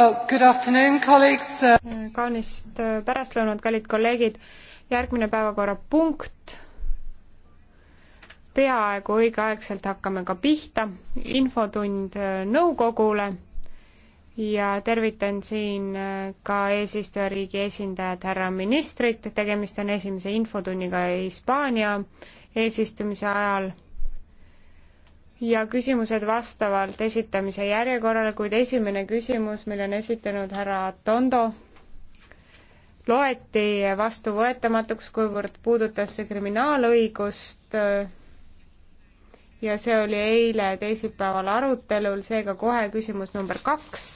Oh, uh, kaunist äh, pärastlõunat, kallid kolleegid. järgmine päevakorrapunkt. peaaegu õigeaegselt hakkame ka pihta. infotund äh, nõukogule ja tervitan siin äh, ka eesistujariigi esindajat, härra ministrit. tegemist on esimese infotunniga Hispaania eesistumise ajal ja küsimused vastavalt esitamise järjekorrale, kuid esimene küsimus, mille on esitanud härra Tondo, loeti vastuvõetamatuks, kuivõrd puudutas see kriminaalõigust ja see oli eile teisipäeval arutelul, seega kohe küsimus number kaks.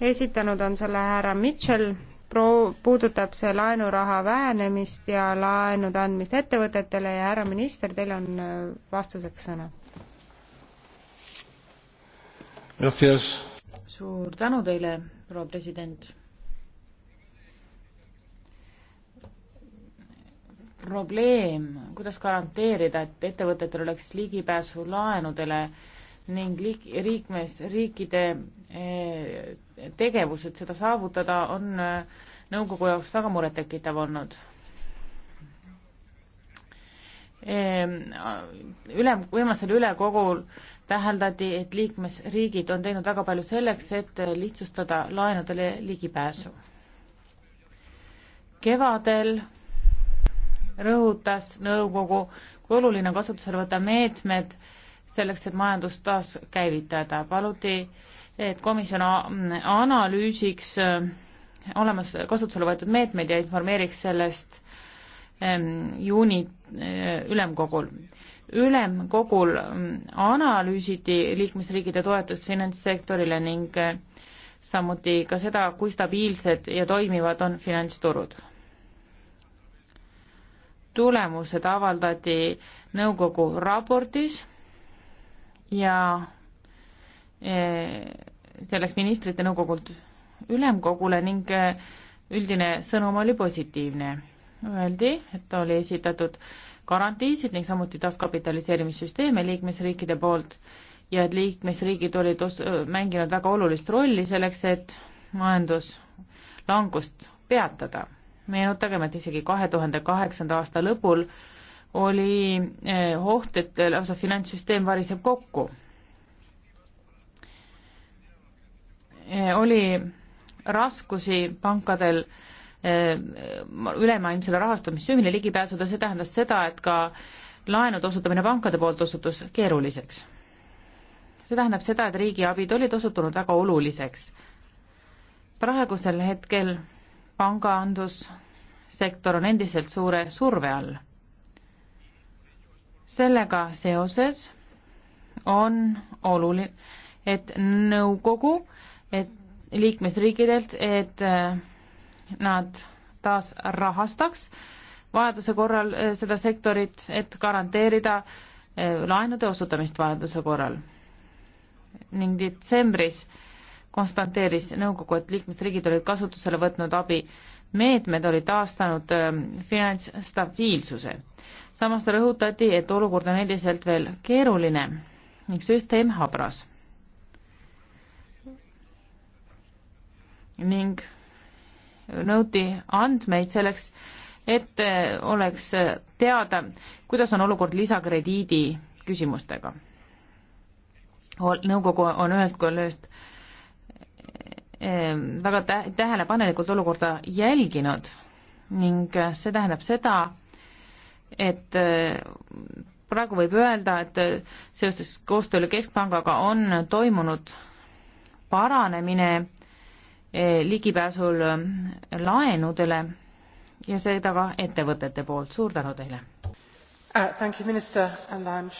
esitanud on selle härra Mitchell, pro-, puudutab see laenuraha vähenemist ja laenude andmist ettevõtetele ja härra minister, teil on äh, vastuseks sõna suur tänu teile, proua president. probleem, kuidas garanteerida, et ettevõtetel oleks ligipääsu laenudele ning liik-, liikmes-, riikide eh, tegevused seda saavutada, on eh, nõukogu jaoks väga murettekitav olnud Ehm, ülem, viimasel ülekogul täheldati, et liikmesriigid on teinud väga palju selleks, et lihtsustada laenudele ligipääsu. kevadel rõhutas nõukogu, kui oluline on kasutusele võtta meetmed selleks, et majandust taaskäivitada. paluti, et komisjon analüüsiks äh, olemas, kasutusele võetud meetmeid ja informeeriks sellest Ehm, juuni eh, ülemkogul. ülemkogul mm, analüüsiti liikmesriikide toetust finantssektorile ning eh, samuti ka seda, kui stabiilsed ja toimivad on finantsturud. tulemused avaldati nõukogu raportis ja eh, selleks ministrite nõukogult ülemkogule ning üldine sõnum oli positiivne öeldi, et oli esitatud garantiisid ning samuti taaskapitaliseerimissüsteeme liikmesriikide poolt ja et liikmesriigid olid os-, mänginud väga olulist rolli selleks, et majanduslangust peatada. meenutagem, et isegi kahe tuhande kaheksanda aasta lõpul oli eh, oht, et lausa finantssüsteem variseb kokku. Eh, oli raskusi pankadel äh, Ehm, ülemaailmsele rahastamissüümile ligipääsuda, see tähendas seda, et ka laenude osutamine pankade poolt osutus keeruliseks. see tähendab seda, et riigiabid olid osutunud väga oluliseks. praegusel hetkel pangandussektor on endiselt suure surve all. sellega seoses on oluline, et nõukogu, et liikmesriikidelt, et äh, nad taas rahastaks vajaduse korral eh, seda sektorit, et garanteerida eh, laenude osutamist vajaduse korral. ning detsembris konstanteeris nõukogu, et liikmesriigid olid kasutusele võtnud abi meetmed olid taastanud eh, finantsstabiilsuse. samas rõhutati, et olukord on endiselt veel keeruline ning süsteem habras. ning nõuti andmeid selleks, et oleks teada, kuidas on olukord lisakrediidi küsimustega. nõukogu on ühest küljest ehm, väga tähelepanelikult olukorda jälginud ning see tähendab seda, et eh, praegu võib öelda, et seoses koostööle Keskpangaga on toimunud paranemine Eh, ligipääsul eh, laenudele ja seda ka ettevõtete poolt. suur tänu teile uh,!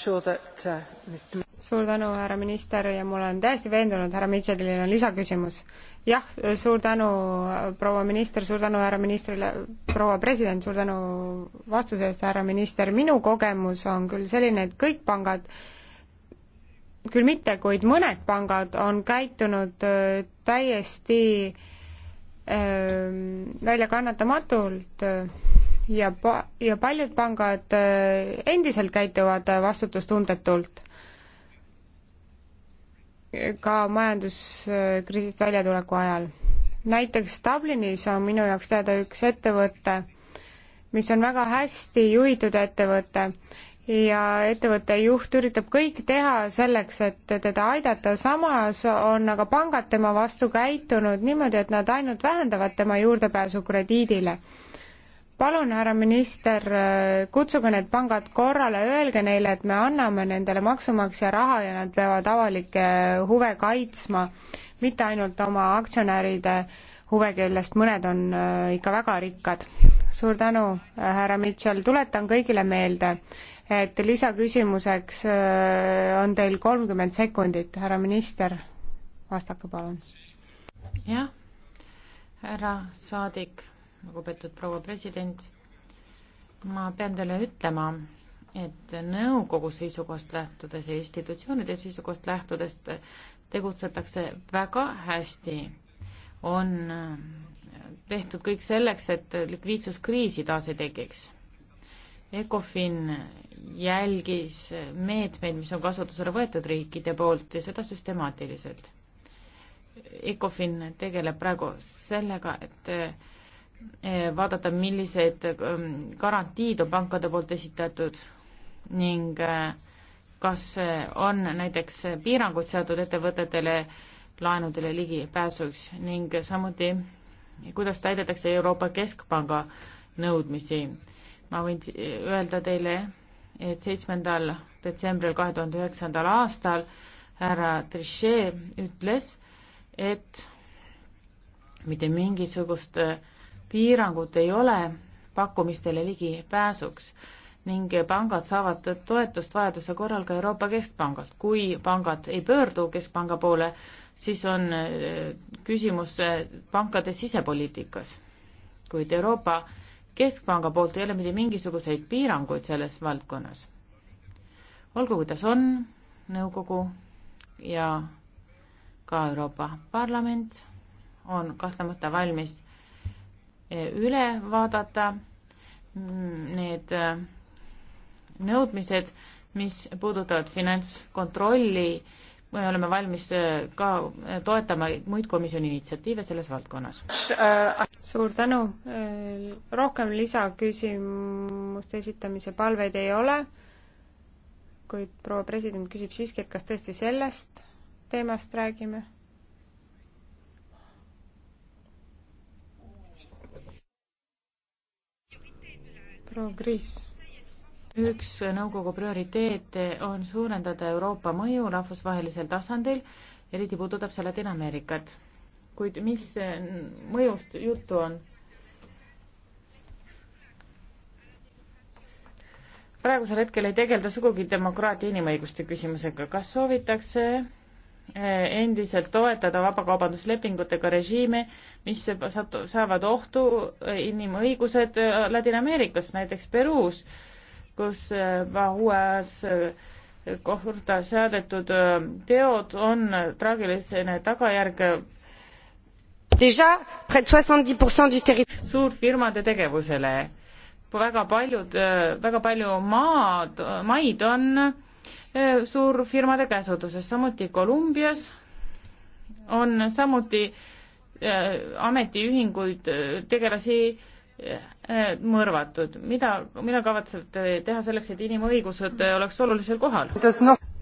Sure that, uh, Mr... suur tänu, härra minister, ja ma olen täiesti veendunud, härra Mitchellil on lisaküsimus. jah, suur tänu, proua minister, suur tänu härra ministrile, proua president, suur tänu vastuse eest, härra minister. minu kogemus on küll selline, et kõik pangad äh, küll mitte, kuid mõned pangad on käitunud äh, täiesti äh, väljakannatamatult äh, ja pa-, ja paljud pangad endiselt käituvad vastutustundetult. ka majanduskriisist väljatuleku ajal. näiteks Dublinis on minu jaoks teada üks ettevõte, mis on väga hästi juhitud ettevõte ja ettevõtte juht üritab kõik teha selleks, et teda aidata, samas on aga pangad tema vastu käitunud niimoodi, et nad ainult vähendavad tema juurdepääsu krediidile. palun, härra minister, kutsuge need pangad korrale, öelge neile, et me anname nendele maksumaksja raha ja nad peavad avalikke huve kaitsma, mitte ainult oma aktsionäride huve, kellest mõned on äh, ikka väga rikkad. suur tänu, äh, härra Mitchell, tuletan kõigile meelde, et lisaküsimuseks äh, on teil kolmkümmend sekundit, härra minister, vastake palun. jah, härra saadik, lugupeetud proua president, ma pean teile ütlema, et nõukogu seisukohast lähtudes ja institutsioonide seisukohast lähtudes tegutsetakse väga hästi. on tehtud kõik selleks, et likviidsuskriisi taas ei tekiks. Ecofin jälgis meetmeid, mis on kasutusele võetud riikide poolt ja seda süstemaatiliselt. ECOFIN tegeleb praegu sellega, et eh, vaadata, millised ehm, garantiid on pankade poolt esitatud ning eh, kas on näiteks piirangud seatud ettevõtetele laenudele ligipääsuks ning samuti kuidas täidetakse Euroopa Keskpanga nõudmisi. ma võin öelda teile, et seitsmendal detsembril kahe tuhande üheksandal aastal härra Trichet ütles, et mitte mingisugust äh, piirangut ei ole pakkumistele ligipääsuks ning pangad saavad toetust vajaduse korral ka Euroopa Keskpangalt. kui pangad ei pöördu Keskpanga poole, siis on äh, küsimus äh, pankade sisepoliitikas. kuid Euroopa keskpanga poolt ei ole mitte mingisuguseid piiranguid selles valdkonnas. olgu, kuidas on, nõukogu ja ka Euroopa Parlament on kahtlemata valmis eh, üle vaadata mm, need eh, nõudmised, mis puudutavad finantskontrolli me oleme valmis äh, ka äh, toetama muid komisjoni initsiatiive selles valdkonnas. suur tänu, äh, rohkem lisaküsimuste esitamise palveid ei ole, kuid proua president küsib siiski, et kas tõesti sellest teemast räägime? proua Kriis üks nõukogu prioriteete on suurendada Euroopa mõju rahvusvahelisel tasandil, eriti puudutab see Ladina-Ameerikat. kuid mis mõjust juttu on? praegusel hetkel ei tegelda sugugi demokraatia inimõiguste küsimusega, kas soovitakse eh, endiselt toetada vabakaubanduslepingutega režiime, mis saavad ohtu eh, inimõigused eh, Ladina-Ameerikas, näiteks Peruus äh, kus Vahuas äh, äh, korda saadetud äh, teod on traagiline tagajärg suurfirmade tegevusele. väga paljud, väga palju maad, maid on suurfirmade käsutuses, samuti Kolumbias on samuti ametiühinguid, tegelasi Äh, mõrvatud. mida, mida kavatsete teha selleks, et inimõigused äh, oleks olulisel kohal?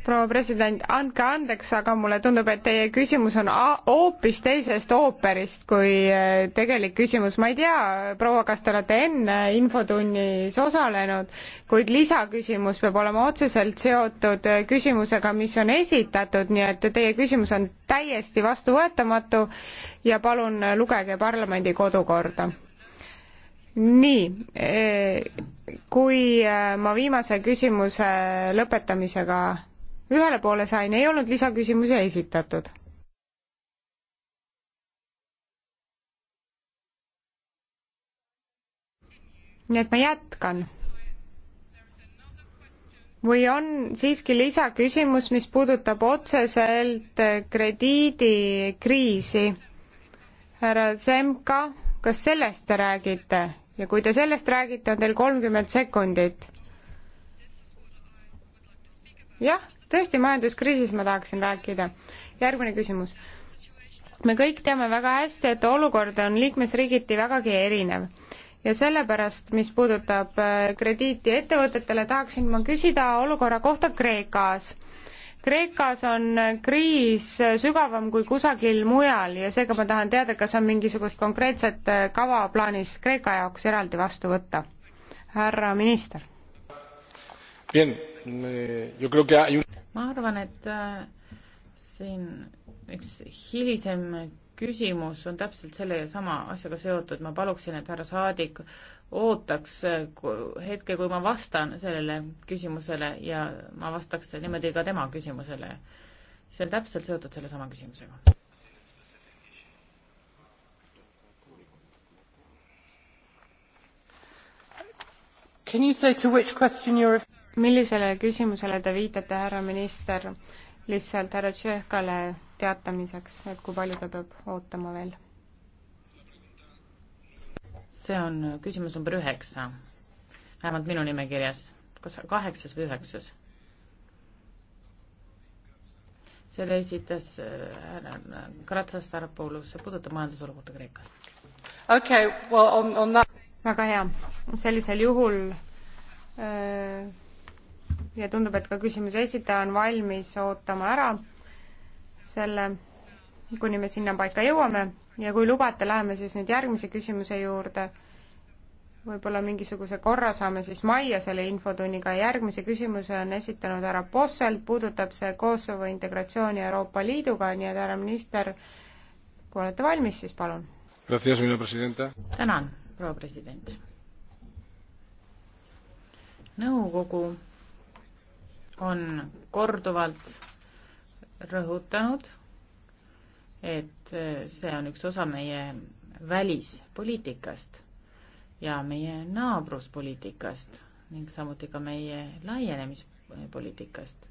proua president, andke andeks, aga mulle tundub, et teie küsimus on hoopis teisest ooperist kui äh, tegelik küsimus. ma ei tea, proua, kas te olete enne infotunnis osalenud, kuid lisaküsimus peab olema otseselt seotud küsimusega, mis on esitatud, nii et teie küsimus on täiesti vastuvõetamatu ja palun lugege parlamendi kodukorda nii, eh, kui eh, ma viimase küsimuse lõpetamisega ühele poole sain, ei olnud lisaküsimusi esitatud. nii et ma jätkan. või on siiski lisaküsimus, mis puudutab otseselt eh, krediidikriisi? härra Zemka, kas sellest te räägite? ja kui te sellest räägite, on teil kolmkümmend sekundit. jah, tõesti, majanduskriisis ma tahaksin rääkida. järgmine küsimus. me kõik teame väga hästi, et olukord on liikmesriigiti vägagi erinev ja sellepärast, mis puudutab äh, krediiti ettevõtetele, tahaksin ma küsida olukorra kohta Kreekas Kreekas on kriis sügavam kui kusagil mujal ja seega ma tahan teada, kas on mingisugust konkreetset äh, kava plaanis Kreeka jaoks eraldi vastu võtta. härra minister. ma arvan, et äh, siin üks hilisem küsimus on täpselt selle sama asjaga seotud, ma paluksin, et härra saadik ootaks hetke, kui ma vastan sellele küsimusele ja ma vastaks niimoodi ka tema küsimusele. see on täpselt seotud sellesama küsimusega. millisele küsimusele te viitate, härra minister, lihtsalt härra Tšehhkale teatamiseks, et kui palju ta peab ootama veel? see on küsimus number üheksa, vähemalt minu nimekirjas, kas kaheksas või üheksas? selle esitas äh, härra Kratsas Tarapoulos, see puudutab majandusolukorda Kreekas. okei okay,, well on, on that väga hea, sellisel juhul öö, äh, ja tundub, et ka küsimuse esitaja on valmis ootama ära selle kuni me sinnapaika jõuame ja kui lubate, läheme siis nüüd järgmise küsimuse juurde. võib-olla mingisuguse korra saame siis majja selle infotunniga. järgmise küsimuse on esitanud härra Posselt, puudutab see Kosovo integratsiooni Euroopa Liiduga, nii et härra minister, kui olete valmis, siis palun. tänan, proua president. nõukogu on korduvalt rõhutanud et eh, see on üks osa meie välispoliitikast ja meie naabruspoliitikast ning samuti ka meie laienemispoliitikast.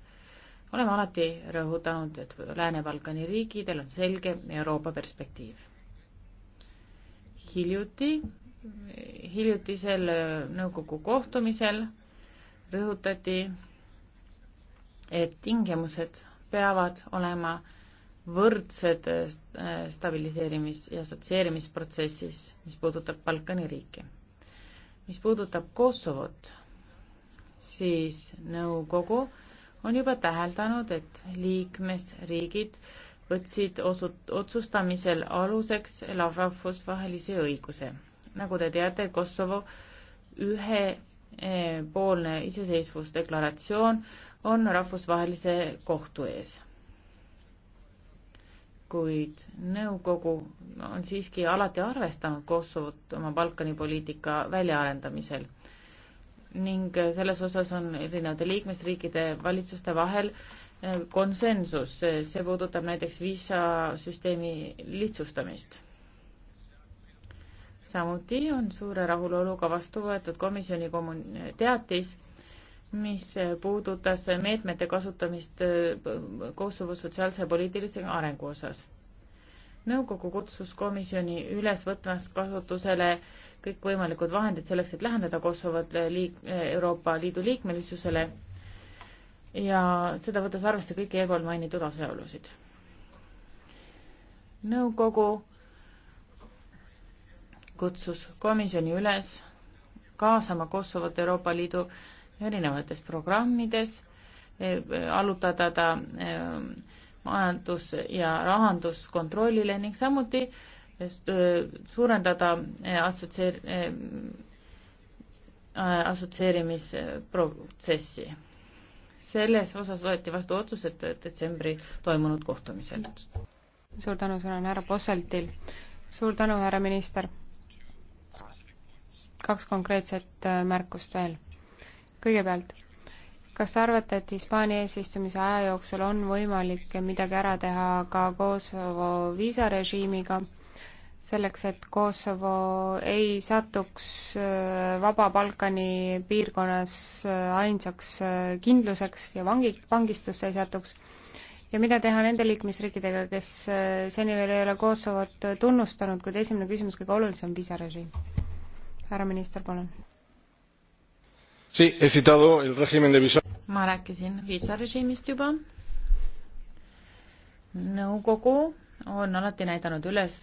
oleme alati rõhutanud, et Lääne-Balkani riikidel on selge Euroopa perspektiiv. hiljuti, hiljutisel eh, nõukogu kohtumisel rõhutati, et tingimused peavad olema äh, võrdsed äh, stabiliseerimis- ja assotsieerimisprotsessis, mis puudutab Balkani riiki. mis puudutab Kosovot, siis nõukogu on juba täheldanud, et liikmesriigid võtsid osut-, otsustamisel aluseks rahvusvahelise õiguse. nagu te teate, Kosovo ühepoolne äh, iseseisvusdeklaratsioon on rahvusvahelise kohtu ees kuid nõukogu on siiski alati arvestanud Kosovot oma Balkani poliitika väljaarendamisel ning selles osas on erinevate liikmesriikide valitsuste vahel eh, konsensus, see puudutab näiteks viisasüsteemi lihtsustamist. samuti on suure rahuloluga vastu võetud komisjoni kommun-, teatis mis puudutas meetmete kasutamist äh, Kosovo sotsiaalse ja poliitilise arengu osas. nõukogu kutsus komisjoni üles võtmas kasutusele kõikvõimalikud vahendid selleks, et lähendada Kosovot liik-, Euroopa Liidu liikmelisusele ja seda võttes arvesse kõiki eelpool mainitud asjaolusid. nõukogu kutsus komisjoni üles kaasama Kosovot Euroopa Liidu äh, erinevates programmides, e, e, allutada ta e, majandus- ja rahanduskontrollile ning samuti suurendada assotsieer-, assotsieerimisprotsessi. selles osas võeti vastu otsused detsembri toimunud kohtumisel. suur tänu, sul on härra Posseltil. suur tänu, härra minister. kaks konkreetset äh, märkust veel kõigepealt, kas te arvate, et Hispaania eesistumise aja jooksul on võimalik midagi ära teha ka Kosovo viisarežiimiga, selleks et Kosovo ei satuks äh, Vaba Balkani piirkonnas äh, ainsaks äh, kindluseks ja vangi, vangistusse ei satuks? ja mida teha nende liikmesriikidega, kes seni veel ei ole Kosovot tunnustanud, kuid esimene küsimus, kõige olulisem, viisarežiim? härra minister, palun Sí, he citado el régimen de visa. ma rääkisin viisarežiimist juba. nõukogu on alati näidanud üles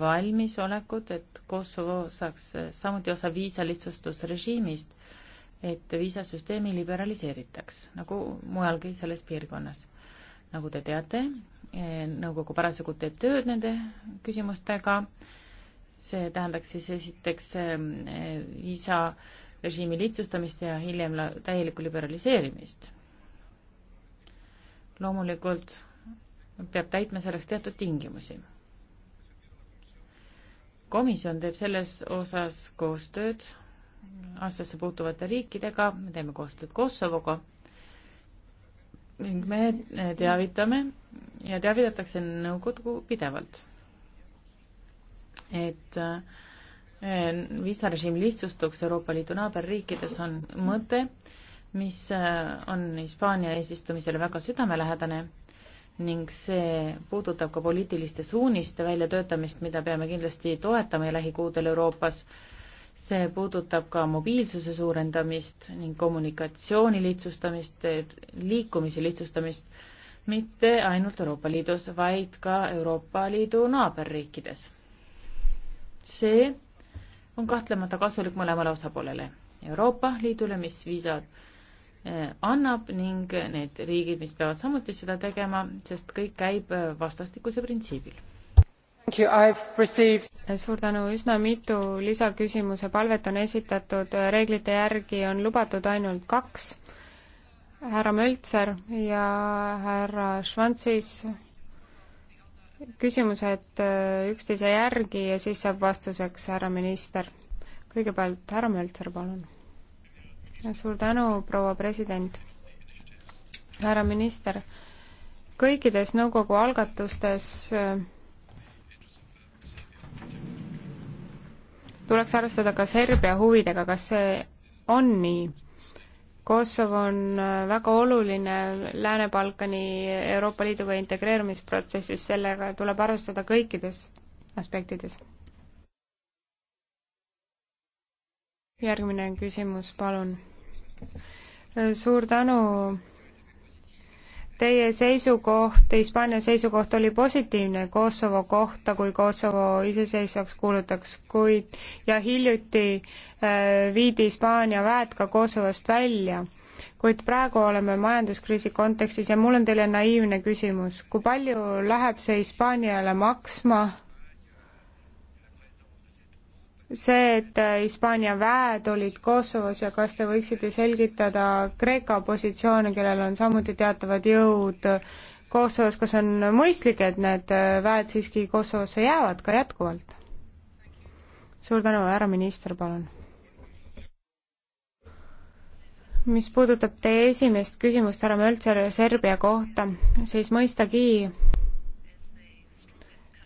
valmisolekut, et Kosovo saaks samuti osa viisalihtsustusrežiimist, et viisasüsteemi liberaliseeritaks, nagu mujalgi selles piirkonnas. nagu te teate, eh, nõukogu parasjagu teeb tööd nende küsimustega, see tähendaks siis esiteks eh, viisa äh, režiimi lihtsustamist ja hiljem täielikku liberaliseerimist. loomulikult peab täitma selleks teatud tingimusi. komisjon teeb selles osas koostööd asjasse puutuvate riikidega, me teeme koostööd Kosovoga ning me teavitame ja teavitatakse nõukogu pidevalt, et äh, Eh, viisarežiim lihtsustuks Euroopa Liidu naaberriikides, on mõte, mis eh, on Hispaania eesistumisele väga südamelähedane ning see puudutab ka poliitiliste suuniste väljatöötamist, mida peame kindlasti toetama lähikuudel Euroopas. see puudutab ka mobiilsuse suurendamist ning kommunikatsiooni lihtsustamist, liikumise lihtsustamist, mitte ainult Euroopa Liidus, vaid ka Euroopa Liidu naaberriikides. see on kahtlemata kasulik mõlemale osapoolele, Euroopa Liidule, mis viisad eh, annab ning need riigid, mis peavad samuti seda tegema, sest kõik käib eh, vastastikuse printsiibil. Received... Eh, suur tänu, üsna mitu lisaküsimuse palvet on esitatud, reeglite järgi on lubatud ainult kaks, härra Möltser ja härra Švantsis küsimused äh, üksteise järgi ja siis saab vastuseks härra minister. kõigepealt härra Möltser, palun. suur tänu, proua president. härra minister, kõikides nõukogu algatustes äh, tuleks arvestada ka Serbia huvidega, kas see on nii? Kosovo on äh, väga oluline Lääne-Balkani Euroopa Liiduga integreerumisprotsessis, sellega tuleb arvestada kõikides aspektides. järgmine küsimus, palun. Äh, suur tänu teie seisukoht, Hispaania seisukoht oli positiivne Kosovo kohta, kui Kosovo iseseisvaks kuulutaks, kuid ja hiljuti äh, viidi Hispaania väed ka Kosovost välja. kuid praegu oleme majanduskriisi kontekstis ja mul on teile naiivne küsimus, kui palju läheb see Hispaaniale maksma see, et Hispaania väed olid Kosovos ja kas te võiksite selgitada Kreeka positsioone, kellel on samuti teatavad jõud Kosovos, kas on mõistlik, et need väed siiski Kosovosse jäävad ka jätkuvalt? suur tänu, härra minister, palun. mis puudutab teie esimest küsimust härra Möltseri Serbia kohta, siis mõistagi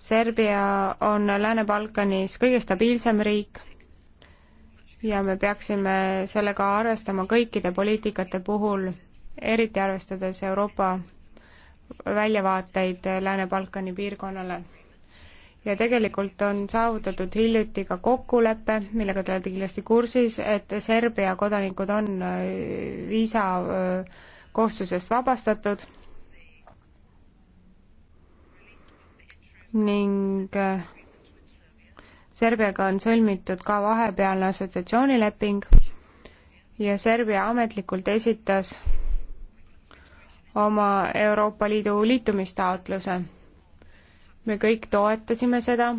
Serbia on Lääne-Balkanis kõige stabiilsem riik ja me peaksime sellega arvestama kõikide poliitikate puhul, eriti arvestades Euroopa väljavaateid Lääne-Balkani piirkonnale. ja tegelikult on saavutatud hiljuti ka kokkulepe, millega te olete kindlasti kursis, et Serbia kodanikud on äh, viisa äh, kohustusest vabastatud ning äh, Serbiaga on sõlmitud ka vahepealne assotsiatsioonileping ja Serbia ametlikult esitas oma Euroopa Liidu liitumistaotluse. me kõik toetasime seda,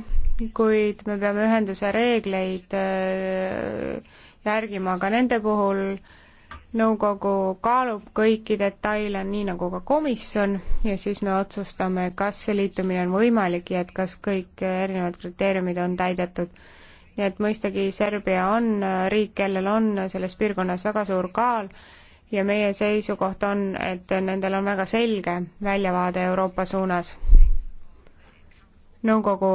kuid me peame ühenduse reegleid äh, järgima ka nende puhul, nõukogu kaalub kõiki detaile, nii nagu ka komisjon, ja siis me otsustame, kas see liitumine on võimalik ja et kas kõik erinevad kriteeriumid on täidetud. nii et mõistagi Serbia on riik, kellel on selles piirkonnas väga suur kaal ja meie seisukoht on, et nendel on väga selge väljavaade Euroopa suunas. nõukogu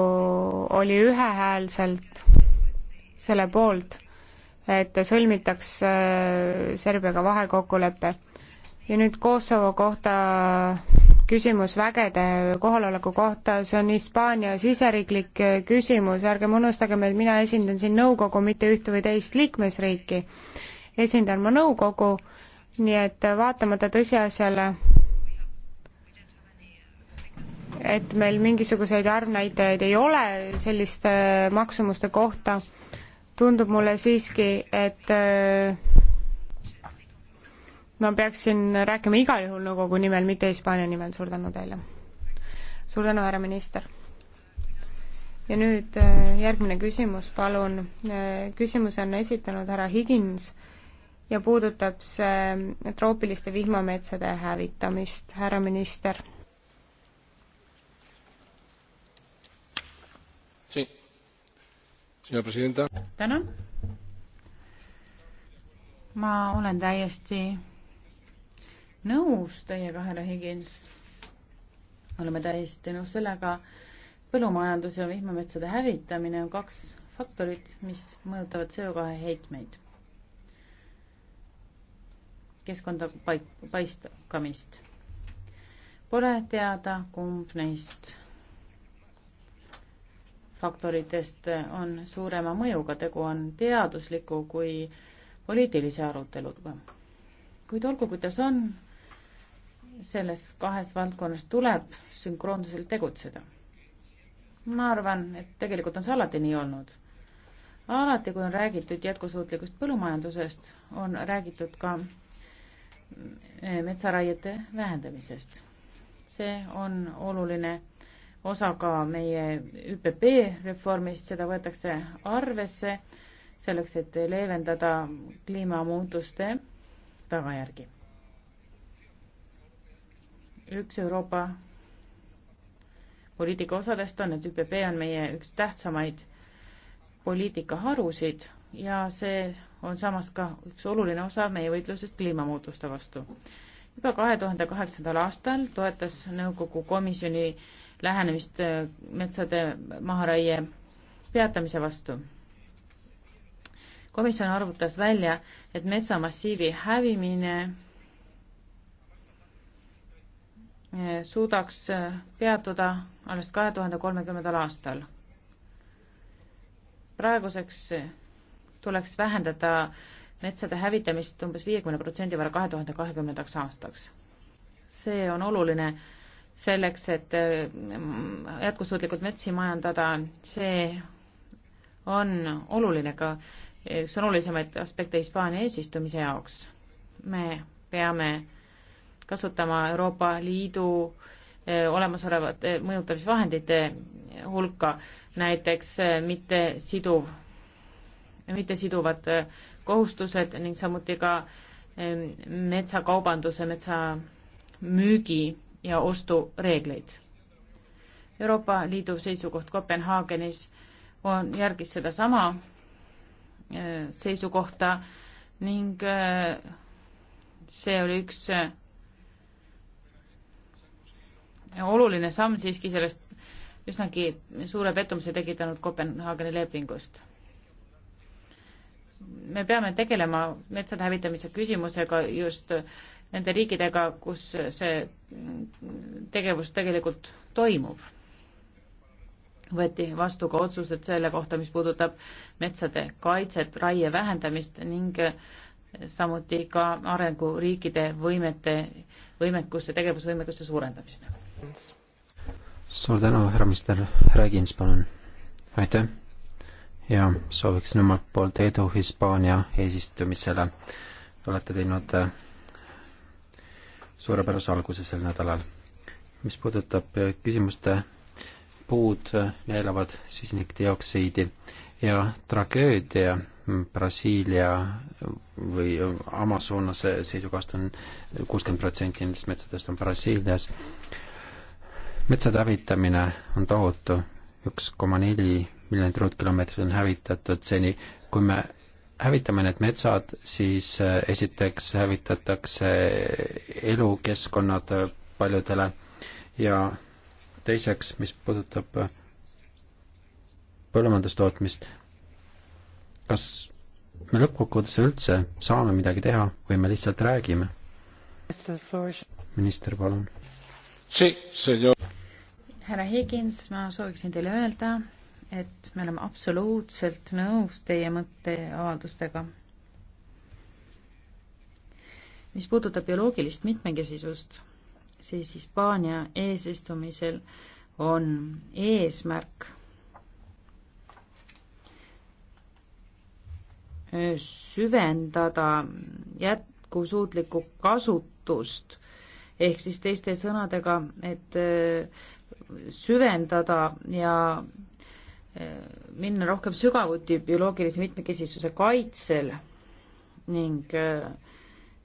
oli ühehäälselt selle poolt et sõlmitaks äh, Serbiaga vahekokkulepe. ja nüüd Kosovo kohta küsimus vägede kohaloleku kohta, see on Hispaania siseriiklik äh, küsimus, ärgem unustagem, et mina esindan siin nõukogu, mitte ühte või teist liikmesriiki. esindan ma nõukogu, nii et vaatamata tõsiasjale, et meil mingisuguseid arvnäitajaid ei ole selliste äh, maksumuste kohta tundub mulle siiski, et äh, ma peaksin rääkima igal juhul nõukogu nimel, mitte Hispaania nimel, suur tänu teile. suur tänu, härra minister. ja nüüd äh, järgmine küsimus, palun. Äh, küsimuse on esitanud härra Higins ja puudutab see troopiliste vihmametsade hävitamist, härra minister. Señora presidenta tänan. ma olen täiesti nõus teiega, härra Higins. oleme täiesti nõus sellega. põllumajandus ja vihmametsade hävitamine on kaks faktorit, mis mõjutavad CO2 heitmeid. keskkonda paik-, paiskamist. Pole teada, kumb neist faktoritest on suurema mõjuga, tegu on teadusliku kui poliitilise aruteluga. kuid olgu, kuidas on, selles kahes valdkonnas tuleb sünkroonselt tegutseda. ma arvan, et tegelikult on see alati nii olnud. alati, kui on räägitud jätkusuutlikust põllumajandusest, on räägitud ka metsaraiete vähendamisest. see on oluline osa ka meie ÜPP reformist, seda võetakse arvesse selleks, et leevendada kliimamuutuste tagajärgi. üks Euroopa poliitika osadest on, et ÜPP on meie üks tähtsamaid poliitikaharusid ja see on samas ka üks oluline osa meie võitlusest kliimamuutuste vastu. juba kahe tuhande kaheksandal aastal toetas nõukogu komisjoni äh, lähenemist äh, metsade maharaie peatamise vastu. komisjon arvutas välja, et metsamassiivi hävimine äh, suudaks äh, peatuda alles kahe tuhande kolmekümnendal aastal. praeguseks tuleks vähendada metsade hävitamist umbes viiekümne protsendi võrra kahe tuhande kahekümnendaks aastaks. see on oluline selleks, et äh, jätkusuutlikult metsi majandada, see on oluline ka, üks olulisemaid aspekte Hispaania eesistumise jaoks. me peame kasutama Euroopa Liidu äh, olemasolevate äh, mõjutamisvahendite hulka, näiteks mitte siduv, mitte siduvad kohustused ning samuti ka metsakaubanduse, metsamüügi ja ostureegleid. Euroopa Liidu seisukoht Kopenhaagenis on, järgis sedasama äh, seisukohta ning äh, see oli üks äh, oluline samm siiski sellest üsnagi suure pettumuse tekitanud Kopenhaageni lepingust. me peame tegelema metsade hävitamise küsimusega just nende riikidega, kus see tegevus tegelikult toimub. võeti vastu ka otsused selle kohta, mis puudutab metsade kaitset, raie vähendamist ning samuti ka arenguriikide võimete, võimekuse, tegevusvõimekuse suurendamisele. suur tänu, härra minister, räägi siis palun. aitäh ja sooviksin omalt poolt edu Hispaania eesistumisele. olete teinud äh, suurepärase alguse sel nädalal. mis puudutab eh, küsimuste puud eh, neelavad süsinikdioksiidi ja tragöödia mm, Brasiilia eh, või Amazonase seisukohast on kuuskümmend protsenti nendest metsadest on Brasiilias. metsade hävitamine on tohutu, üks koma neli miljonit ruutkilomeetrit on hävitatud seni, kui me hävitame need metsad, siis äh, esiteks hävitatakse elukeskkonnad äh, paljudele ja teiseks, mis puudutab äh, põllumajandustootmist, kas me lõppkokkuvõttes üldse saame midagi teha või me lihtsalt räägime? minister, palun. härra Higins, ma sooviksin teile öelda, et me oleme absoluutselt nõus teie mõtteavaldustega. mis puudutab bioloogilist mitmekesisust, siis Hispaania eesistumisel on eesmärk süvendada jätkusuutlikku kasutust ehk siis teiste sõnadega, et äh, süvendada ja minna rohkem sügavuti bioloogilise mitmekesisuse kaitsel ning äh,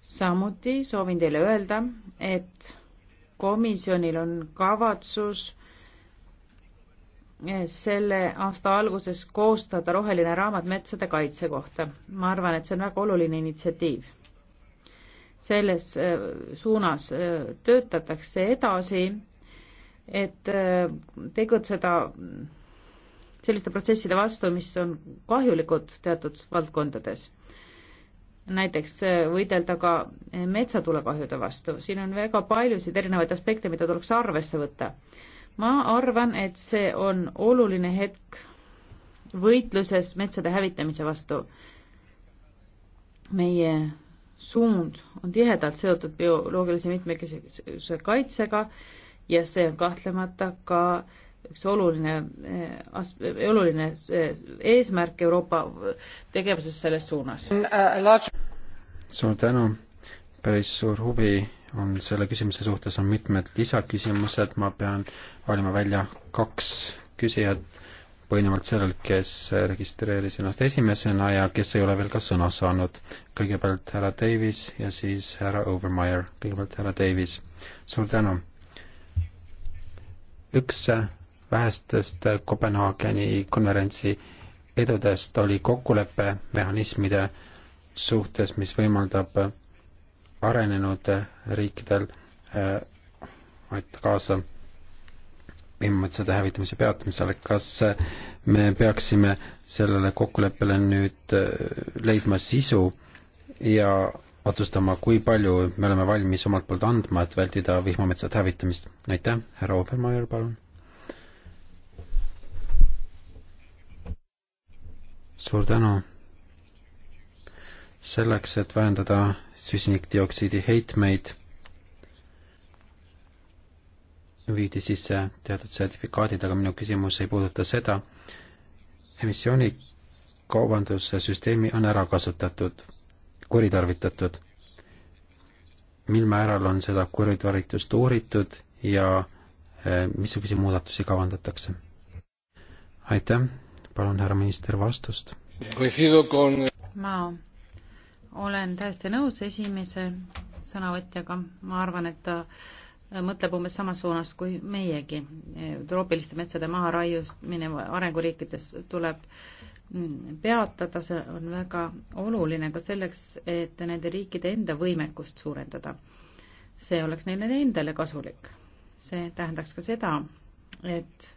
samuti soovin teile öelda, et komisjonil on kavatsus äh, selle aasta alguses koostada roheline raamat metsade kaitse kohta. ma arvan, et see on väga oluline initsiatiiv. selles äh, suunas töötatakse edasi, et tegutseda selliste protsesside vastu, mis on kahjulikud teatud valdkondades. näiteks eh, võidelda ka eh, metsatulekahjude vastu, siin on väga paljusid erinevaid aspekte, mida tuleks arvesse võtta. ma arvan, et see on oluline hetk võitluses metsade hävitamise vastu. meie suund on tihedalt seotud bioloogilise mitmekesisuse kaitsega ja see on kahtlemata ka äh, üks oluline eh, as-, eh, oluline eh, eesmärk Euroopa tegevuses selles suunas. Mm, uh, suur tänu, päris suur huvi on selle küsimuse suhtes, on mitmed lisaküsimused, ma pean valima välja kaks küsijat põhinevalt sellel, kes registreeris ennast esimesena ja kes ei ole veel ka sõna saanud. kõigepealt härra Davis ja siis härra Overmeyer. kõigepealt härra Davis, suur tänu. üks vähestest Kopenhaageni konverentsi edudest oli kokkulepe mehhanismide suhtes, mis võimaldab arenenud riikidel aidata eh, kaasa viimatsõde hävitamise peatamisele, kas me peaksime sellele kokkuleppele nüüd eh, leidma sisu ja otsustama, kui palju me oleme valmis omalt poolt andma, et vältida vihmametsade hävitamist. aitäh, härra Obermeier, palun suur tänu. selleks, et vähendada süsinikdioksiidi heitmeid, viidi sisse teatud sertifikaadid, aga minu küsimus ei puuduta seda. emissioonikaubanduse süsteemi on ära kasutatud, kuritarvitatud. mil määral on seda kuritarvitust uuritud ja eh, missuguseid muudatusi kavandatakse? aitäh palun, härra minister, vastust. ma olen täiesti nõus esimese sõnavõtjaga, ma arvan, et ta mõtleb umbes samas suunas kui meiegi. troopiliste metsade maharaiumine arenguriikides tuleb peatada, see on väga oluline ka selleks, et nende riikide enda võimekust suurendada. see oleks neile endale kasulik. see tähendaks ka seda, et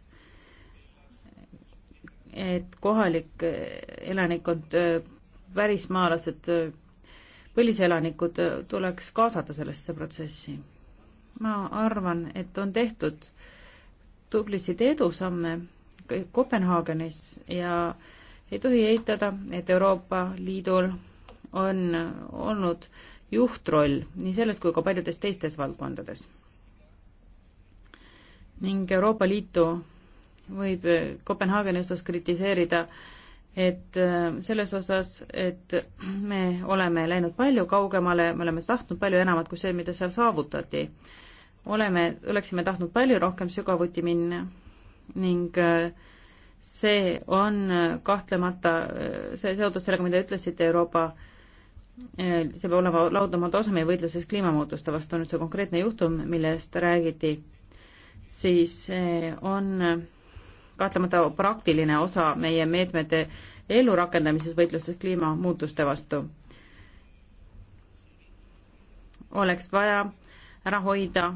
et kohalik eh, elanikkond, eh, välismaalased, eh, põliselanikud tuleks kaasata sellesse protsessi. ma arvan, et on tehtud tublisid edusamme Kopenhaagenis ja ei tohi eitada, et Euroopa Liidul on olnud juhtroll nii selles kui ka paljudes teistes valdkondades. ning Euroopa Liitu võib eh, Kopenhaageni osas kritiseerida, et eh, selles osas, et me oleme läinud palju kaugemale, me oleme tahtnud palju enamat kui see, mida seal saavutati. oleme, oleksime tahtnud palju rohkem sügavuti minna ning eh, see on kahtlemata, see seotud sellega, mida ütlesite, Euroopa see peab olema laudamatu osa meie võitluses kliimamuutuste vastu, on nüüd see konkreetne juhtum, millest räägiti, siis on kahtlemata praktiline osa meie meetmete ellurakendamises võitluses kliimamuutuste vastu. oleks vaja ära hoida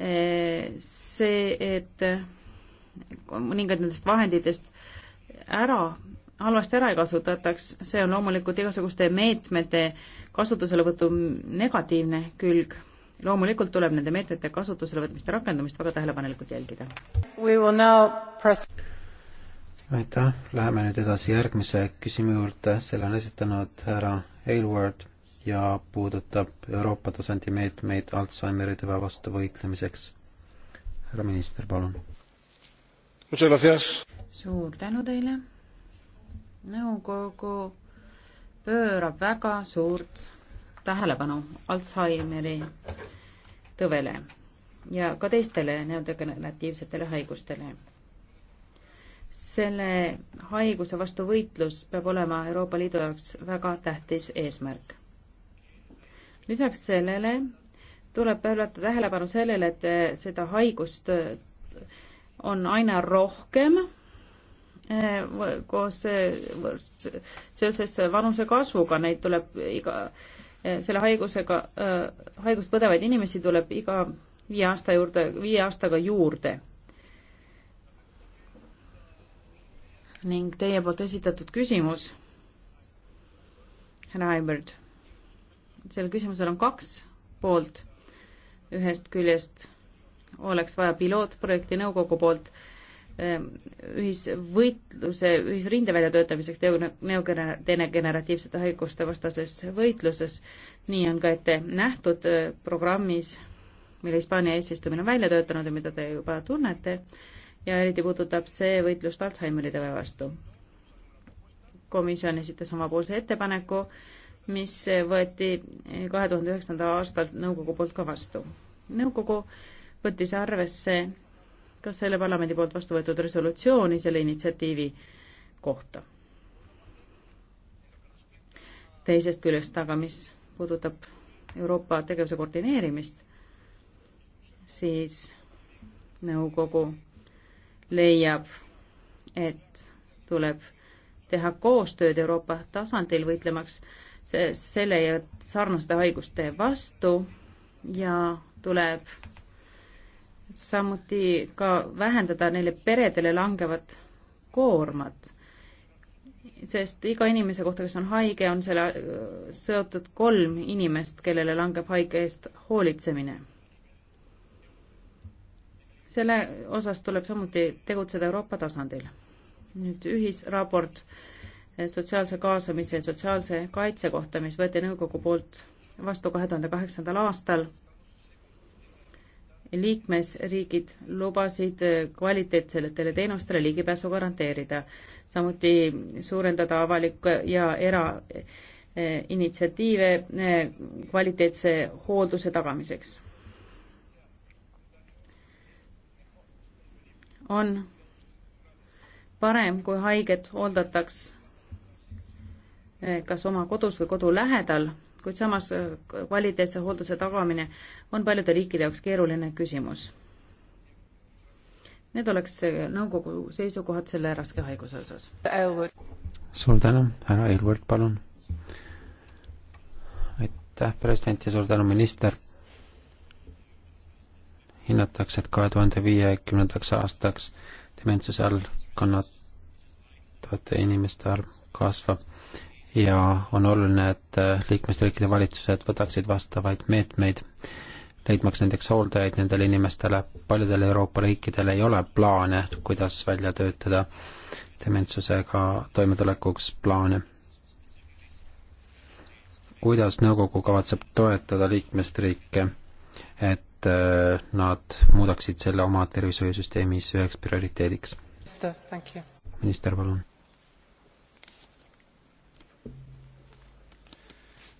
eh, see, et mõningad nendest vahenditest ära, halvasti ära ei kasutataks, see on loomulikult igasuguste meetmete kasutuselevõtu negatiivne külg loomulikult tuleb nende meetmete kasutusele võtmist ja rakendamist väga tähelepanelikult jälgida. Press... aitäh, läheme nüüd edasi järgmise küsimuse juurde, selle on esitanud härra Aylward ja puudutab Euroopa tasandi meetmeid Alžeimeri tüve vastu võitlemiseks. härra minister, palun. suur tänu teile. nõukogu pöörab väga suurt tähelepanu Alzheimeri tõvele ja ka teistele neodegeneratiivsetele haigustele. selle haiguse vastu võitlus peab olema Euroopa Liidu jaoks väga tähtis eesmärk. lisaks sellele tuleb pöörata tähelepanu sellele, et seda haigust on aina rohkem eh, koos eh, seoses vanuse kasvuga, neid tuleb iga Eh, selle haigusega, eh, haigust põdevaid inimesi tuleb iga viie aasta juurde, viie aastaga juurde. ning teie poolt esitatud küsimus, härra Aibert, sellel küsimusel on kaks poolt. ühest küljest oleks vaja pilootprojekti nõukogu poolt äh, Ähm, ühisvõitluse, ühisrinde väljatöötamiseks neogeneratiivsete haiguste vastases võitluses. nii on ka ette nähtud äh, programmis, mille Hispaania eesistumine on välja töötanud ja mida te juba tunnete ja eriti puudutab see võitlust Alžeimeri tõve vastu. komisjon esitas omapoolse ettepaneku, mis võeti äh, kahe tuhande üheksanda aastal nõukogu poolt ka vastu. nõukogu võttis arvesse ka selle parlamendi poolt vastu võetud resolutsiooni selle initsiatiivi kohta. teisest küljest aga, mis puudutab Euroopa tegevuse koordineerimist, siis nõukogu leiab, et tuleb teha koostööd Euroopa tasandil, võitlemaks selle ja sarnaste haiguste vastu ja tuleb samuti ka vähendada neile peredele langevat koormat. sest iga inimese kohta, kes on haige, on selle äh, seotud kolm inimest, kellele langeb haige eest hoolitsemine. selle osas tuleb samuti tegutseda Euroopa tasandil. nüüd ühisraport äh, sotsiaalse kaasamise ja sotsiaalse kaitse kohta, mis võeti nõukogu poolt vastu kahe tuhande kaheksandal aastal liikmesriigid lubasid kvaliteetsetele teenustele ligipääsu garanteerida, samuti suurendada avalik- ja erainitsiatiive eh, eh, kvaliteetse hoolduse tagamiseks. on parem, kui haiget hooldataks eh, kas oma kodus või kodu lähedal kuid samas äh, kvaliteetse hoolduse tagamine on paljude riikide jaoks keeruline küsimus. Need oleks äh, nõukogu seisukohad selle raske haiguse osas. suur tänu, härra Elvõrd, palun. aitäh, president ja suur tänu, minister. hinnatakse, et kahe tuhande viiekümnendaks aastaks dementsuse all kannatavate inimeste arv kasvab ja on oluline, et äh, liikmesriikide valitsused võtaksid vastavaid meetmeid, leidmaks nendeks hooldajaid nendele inimestele. paljudel Euroopa riikidel ei ole plaane, kuidas välja töötada dementsusega toimetulekuks plaane. kuidas nõukogu kavatseb toetada liikmesriike, et äh, nad muudaksid selle oma tervishoiusüsteemis üheks prioriteediks? minister, palun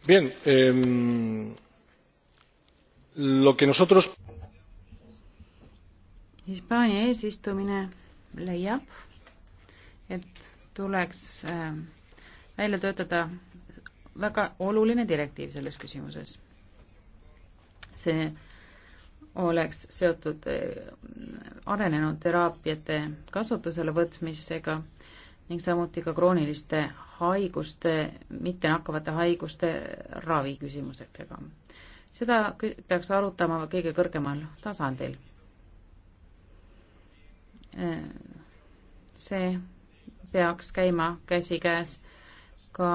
Bien, eh, lo que nosotros. Hispaania eesistumine leiab, et tuleks äh, välja töötada väga oluline direktiiv selles küsimuses. see oleks seotud arenenud teraapiate kasutusele võtmisega ning samuti ka krooniliste haiguste, mittenakkavate haiguste ravi küsimustega. seda peaks arutama kõige kõrgemal tasandil. Äh, see peaks käima käsikäes ka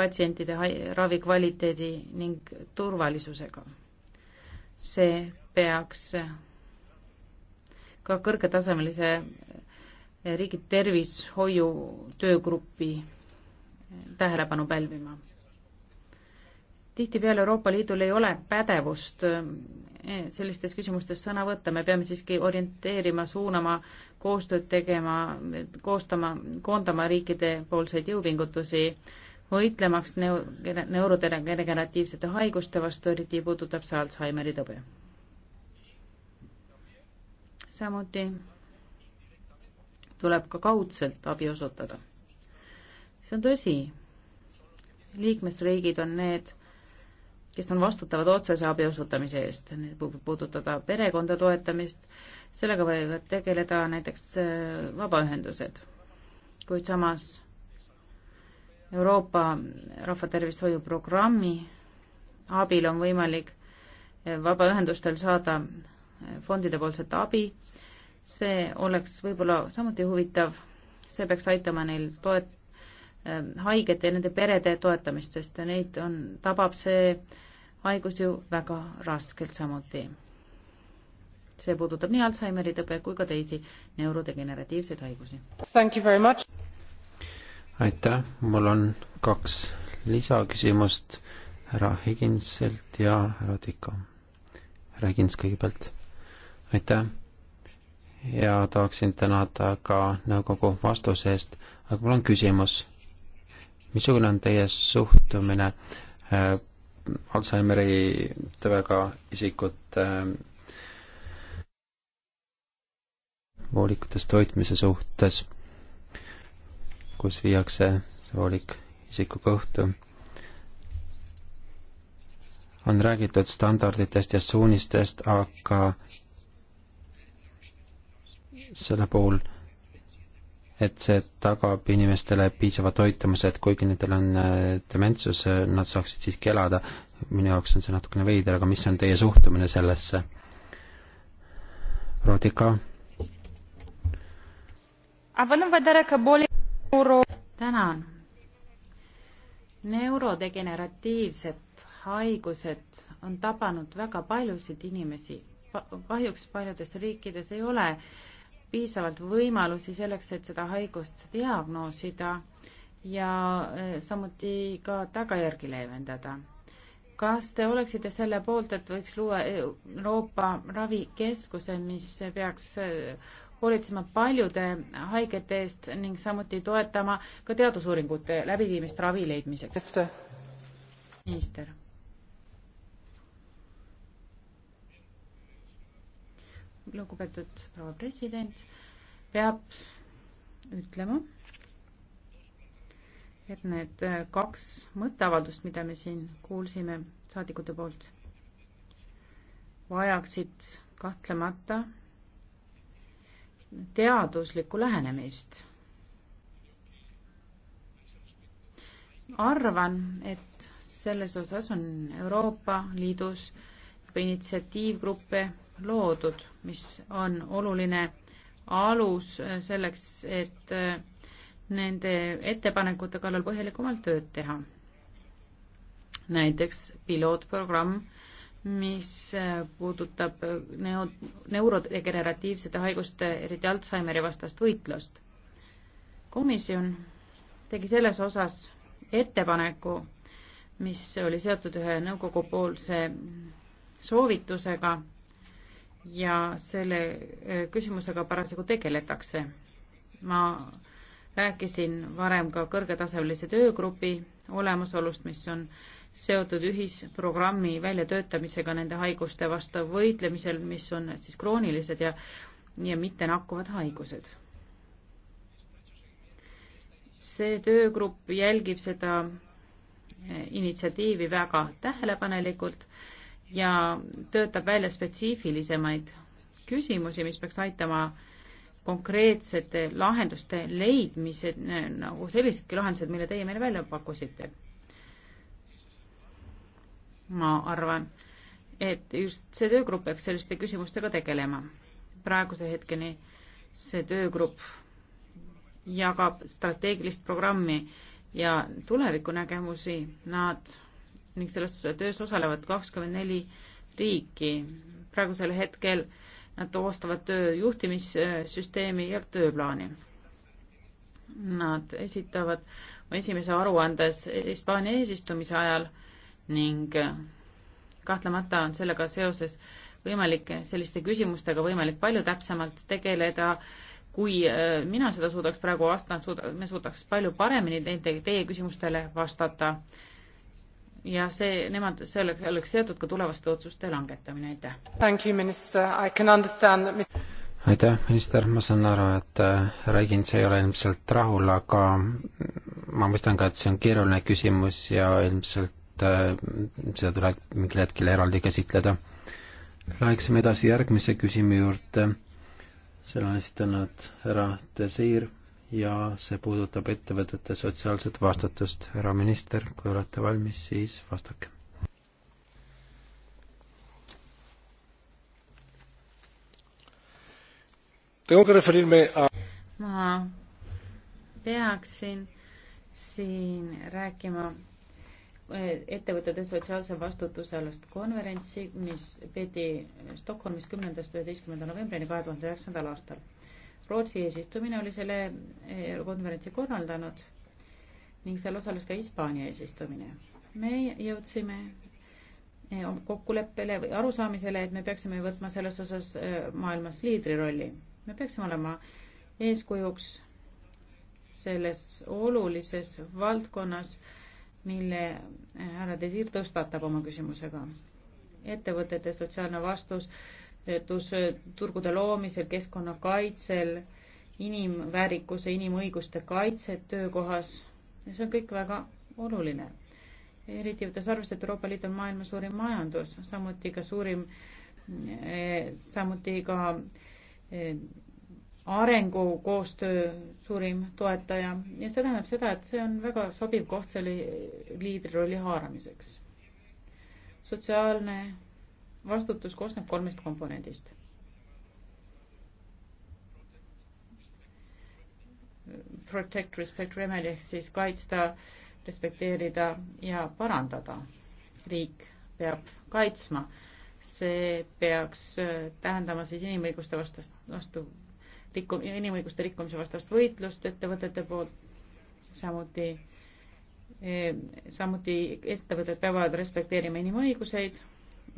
patsientide ravi kvaliteedi ning turvalisusega. see peaks ka kõrgetasemelise riigi tervishoiu töögrupi tähelepanu pälvima. tihtipeale Euroopa Liidul ei ole pädevust eh, sellistes küsimustes sõna võtta, me peame siiski orienteerima, suunama, koostööd tegema, koostama, koondama riikide poolseid jõupingutusi, võitlemaks neu-, neurodegeneratiivsete haiguste vastu, eriti puudutab see Alžeimeri tõbe. samuti tuleb ka kaudselt abi osutada see on tõsi. liikmesriigid on need, kes on vastutavad otsese abi osutamise eest, puudutada perekonda toetamist, sellega võivad tegeleda näiteks äh, vabaühendused. kuid samas Euroopa rahvatervishoiu programmi abil on võimalik äh, vabaühendustel saada äh, fondidepoolset abi, see oleks võib-olla samuti huvitav, see peaks aitama neil toet-, Ähm, haigete ja nende perede toetamist, sest neid on, tabab see haigus ju väga raskelt samuti. see puudutab nii Alžeimeri tõbe kui ka teisi neurodegeneratiivseid haigusi. aitäh, mul on kaks lisaküsimust härra Higinsilt ja härra Tiko. härra Higins kõigepealt, aitäh ja tahaksin tänada ka nõukogu vastuse eest, aga mul on küsimus missugune on teie suhtumine äh, Alžeimeri tõvega isikute äh, voolikutes toitmise suhtes, kus viiakse see voolik isiku kõhtu? on räägitud standarditest ja suunistest, aga selle puhul äh, et see tagab inimestele piisava toitumise, et kuigi nendel on äh, dementsus, äh, nad saaksid siiski elada. minu jaoks on see natukene veider, aga mis on teie suhtumine sellesse? Rodika? tänan. neurodegeneratiivsed haigused on tabanud väga paljusid inimesi. kahjuks paljudes riikides ei ole äh, piisavalt võimalusi selleks, et seda haigust diagnoosida ja eh, samuti ka tagajärgi leevendada. kas te oleksite selle poolt, et võiks luua Euroopa ravikeskuse, mis peaks eh, hoolitsema paljude haigete eest ning samuti toetama ka teadusuuringute läbiviimist ravi leidmiseks? minister lugupeetud proua president, peab ütlema, et need äh, kaks mõtteavaldust, mida me siin kuulsime saadikute poolt, vajaksid kahtlemata teaduslikku lähenemist. arvan, et selles osas on Euroopa Liidus juba initsiatiivgruppe loodud, mis on oluline alus selleks, et äh, nende ettepanekute kallal põhjalikumalt tööd teha. näiteks pilootprogramm, mis äh, puudutab äh, neo-, neurodegeneratiivsete haiguste, eriti Alžeimeri vastast võitlust. komisjon tegi selles osas ettepaneku, mis oli seotud ühe nõukogupoolse soovitusega ja selle äh, küsimusega parasjagu tegeletakse. ma rääkisin varem ka kõrgetasemelise töögrupi olemasolust, mis on seotud ühisprogrammi väljatöötamisega nende haiguste vastu võitlemisel, mis on siis kroonilised ja, ja mittenakkuvad haigused. see töögrupp jälgib seda äh, initsiatiivi väga tähelepanelikult ja töötab välja spetsiifilisemaid küsimusi, mis peaks aitama konkreetsete lahenduste leidmised, nagu sellisedki lahendused, mille teie meile välja pakkusite. ma arvan, et just see töögrupp peaks selliste küsimustega tegelema. praeguse hetkeni see töögrupp jagab strateegilist programmi ja tulevikunägemusi, nad ning selles töös osalevad kakskümmend neli riiki. praegusel hetkel nad koostavad töö juhtimissüsteemi ja tööplaani. Nad esitavad esimese aruandes Hispaania eesistumise ajal ning kahtlemata on sellega seoses võimalik selliste küsimustega võimalik palju täpsemalt tegeleda. kui äh, mina seda suudaks praegu vastata, me suudaks palju paremini teie küsimustele vastata ja see, nemad, see oleks, oleks seotud ka tulevaste otsuste langetamine, aitäh. aitäh, minister, ma saan aru, et äh, härra äh, Higins ei ole ilmselt rahul, aga ma mõistan ka, et see on keeruline küsimus ja ilmselt äh, seda tuleb mingil hetkel eraldi käsitleda. Läheksime edasi järgmise küsimuse juurde, selle on esitanud härra Desir ja see puudutab ettevõtete sotsiaalset vastutust. härra minister, kui olete valmis, siis vastake. ma peaksin siin rääkima eh, ettevõtete sotsiaalse vastutuse alast konverentsi, mis peeti Stockholmis kümnendast üheteistkümnenda novembrini kahe tuhande üheksandal aastal Rootsi eesistumine oli selle eh, konverentsi korraldanud ning seal osales ka Hispaania eesistumine. me jõudsime eh, kokkuleppele või arusaamisele, et me peaksime võtma selles osas eh, maailmas liidrirolli. me peaksime olema eeskujuks selles olulises valdkonnas, mille härra Desir tõstatab oma küsimusega. ettevõtete sotsiaalne vastus äh, turgude loomisel, keskkonnakaitsel, inimväärikuse, inimõiguste kaitset töökohas. see on kõik väga oluline. eriti võttes arvesse, et Euroopa Liit on maailma suurim majandus, samuti ka suurim, eh, samuti ka eh, arengukoostöö suurim toetaja ja see tähendab seda, et see on väga sobiv koht selle liidrirolli haaramiseks. sotsiaalne vastutus koosneb kolmest komponendist. Protect, respect, remedy ehk siis kaitsta, respekteerida ja parandada. riik peab kaitsma. see peaks äh, tähendama siis inimõiguste vastast, vastu rikku-, inimõiguste rikkumise vastast võitlust ettevõtete poolt, samuti äh, samuti ettevõtted peavad respekteerima inimõiguseid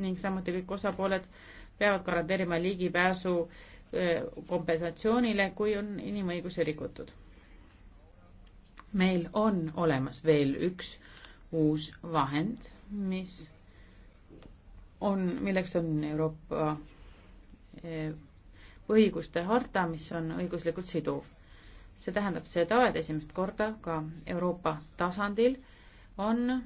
ning samuti kõik osapooled peavad garanteerima ligipääsu kompensatsioonile, kui on inimõigusi rikutud. meil on olemas veel üks uus vahend, mis on, milleks on Euroopa õiguste harta, mis on õiguslikult siduv. see tähendab seda, et esimest korda ka Euroopa tasandil on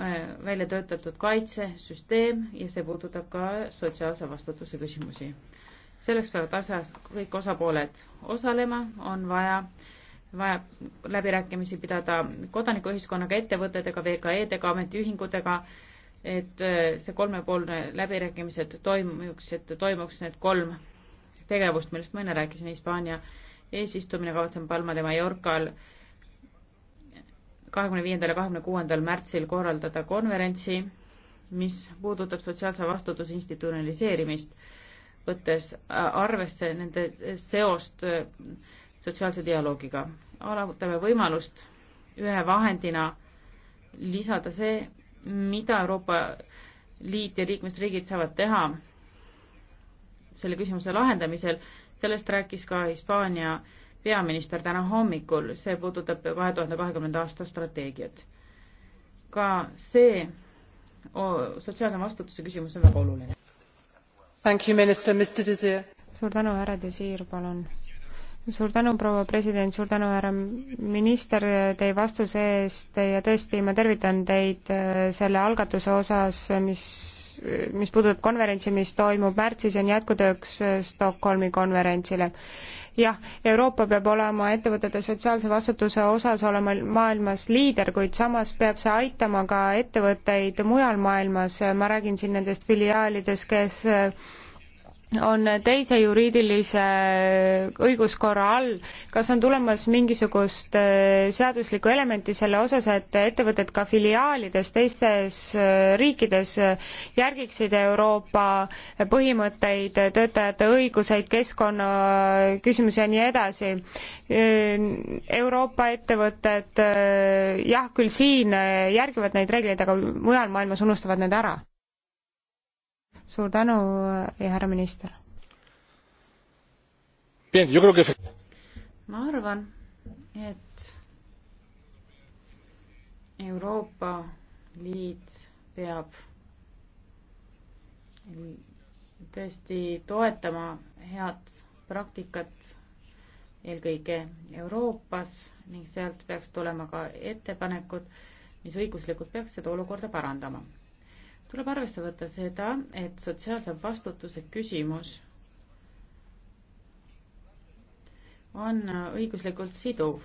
Äh, välja töötatud kaitsesüsteem ja see puudutab ka sotsiaalse vastutuse küsimusi. selleks peavad asjas kõik osapooled osalema, on vaja, vaja läbirääkimisi pidada kodanikuühiskonnaga, ettevõtetega, VKE-dega, ametiühingutega, et äh, see kolmepoolne läbirääkimised toimuks, et toimuks need kolm tegevust, millest ma enne rääkisin, Hispaania eesistumine kavatseb Palma de Mallorcal äh, kahekümne viiendal ja kahekümne kuuendal märtsil korraldada konverentsi, mis puudutab sotsiaalse vastutuse institutsionaliseerimist, võttes arvesse nende seost sotsiaalse dialoogiga. alavutame võimalust ühe vahendina lisada see, mida Euroopa Liit ja liikmesriigid saavad teha selle küsimuse lahendamisel, sellest rääkis ka Hispaania äh, peaminister täna hommikul, see puudutab kahe tuhande kahekümnenda aasta strateegiat. ka see oh, sotsiaalse vastutuse küsimus on väga oluline. suur tänu, härra Desir, palun. suur tänu, proua president, suur tänu, härra minister, teie vastuse eest ja tõesti, ma tervitan teid äh, selle algatuse osas, mis, mis puudutab konverentsi, mis toimub märtsis, on jätkutööks äh, Stockholmi konverentsile jah, Euroopa peab olema ettevõtete sotsiaalse vastutuse osas olema maailmas liider, kuid samas peab see aitama ka ettevõtteid mujal maailmas, ma räägin siin nendest filiaalidest, kes on teise juriidilise õiguskorra all, kas on tulemas mingisugust äh, seaduslikku elementi selle osas, et ettevõtted ka filiaalides teistes äh, riikides äh, järgiksid Euroopa põhimõtteid, töötajate õiguseid, keskkonnaküsimusi ja nii edasi. Euroopa ettevõtted jah, küll siin järgivad neid reegleid, aga mujal maailmas unustavad need ära suur tänu eh, ja härra minister! ma arvan, et Euroopa Liit peab tõesti toetama head praktikat eelkõige Euroopas ning sealt peaks tulema ka ettepanekud, mis õiguslikult peaks seda olukorda parandama tuleb arvesse võtta seda, et sotsiaalse vastutuse küsimus on õiguslikult siduv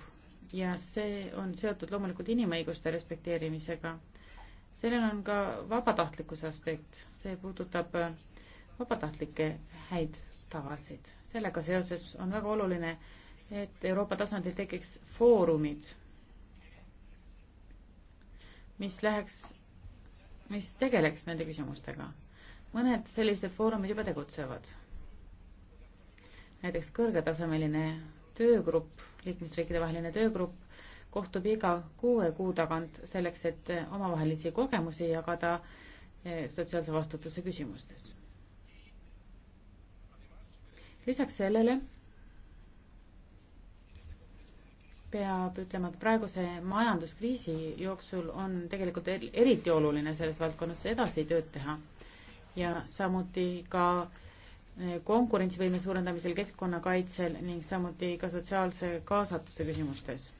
ja see on seotud loomulikult inimõiguste respekteerimisega. sellel on ka vabatahtlikkuse aspekt, see puudutab vabatahtlikke häid tavasid. sellega seoses on väga oluline, et Euroopa tasandil tekiks foorumid, mis läheks mis tegeleks nende küsimustega. mõned sellised foorumid juba tegutsevad. näiteks kõrgetasemeline töögrupp, liikmesriikide vaheline töögrupp kohtub iga kuue kuu tagant selleks, et omavahelisi kogemusi jagada eh, sotsiaalse vastutuse küsimustes. lisaks sellele peab ütlema, et praeguse majanduskriisi jooksul on tegelikult eriti oluline selles valdkonnas edasi tööd teha ja samuti ka eh, konkurentsivõime suurendamisel, keskkonnakaitsel ning samuti ka sotsiaalse kaasatuse küsimustes.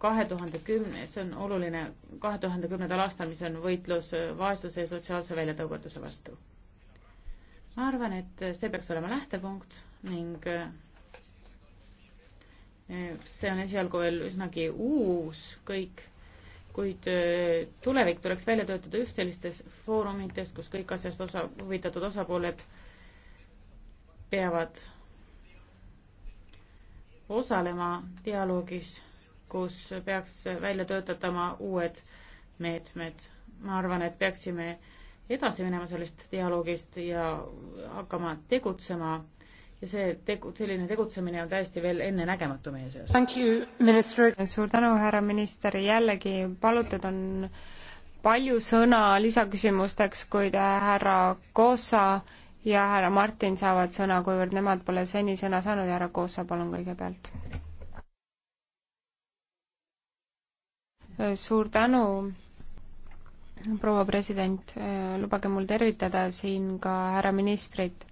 kahe tuhande kümnes on oluline, kahe tuhande kümnendal aastal, mis on võitlus vaesuse ja sotsiaalse väljatõugatuse vastu. ma arvan, et see peaks olema lähtepunkt ning eh, see on esialgu veel üsnagi uus kõik, kuid äh, tulevik tuleks välja töötada just sellistes foorumites, kus kõik asjast osa, huvitatud osapooled peavad osalema dialoogis, kus peaks välja töötatama uued meetmed. ma arvan, et peaksime edasi minema sellest dialoogist ja hakkama tegutsema ja see tegu, selline tegutsemine on täiesti veel ennenägematu meie seas. suur tänu, härra minister, jällegi palutud on palju sõna lisaküsimusteks, kuid härra Koossa ja härra Martin saavad sõna, kuivõrd nemad pole seni sõna saanud ja härra Koossa, palun kõigepealt. suur tänu, proua president, lubage mul tervitada siin ka härra ministrit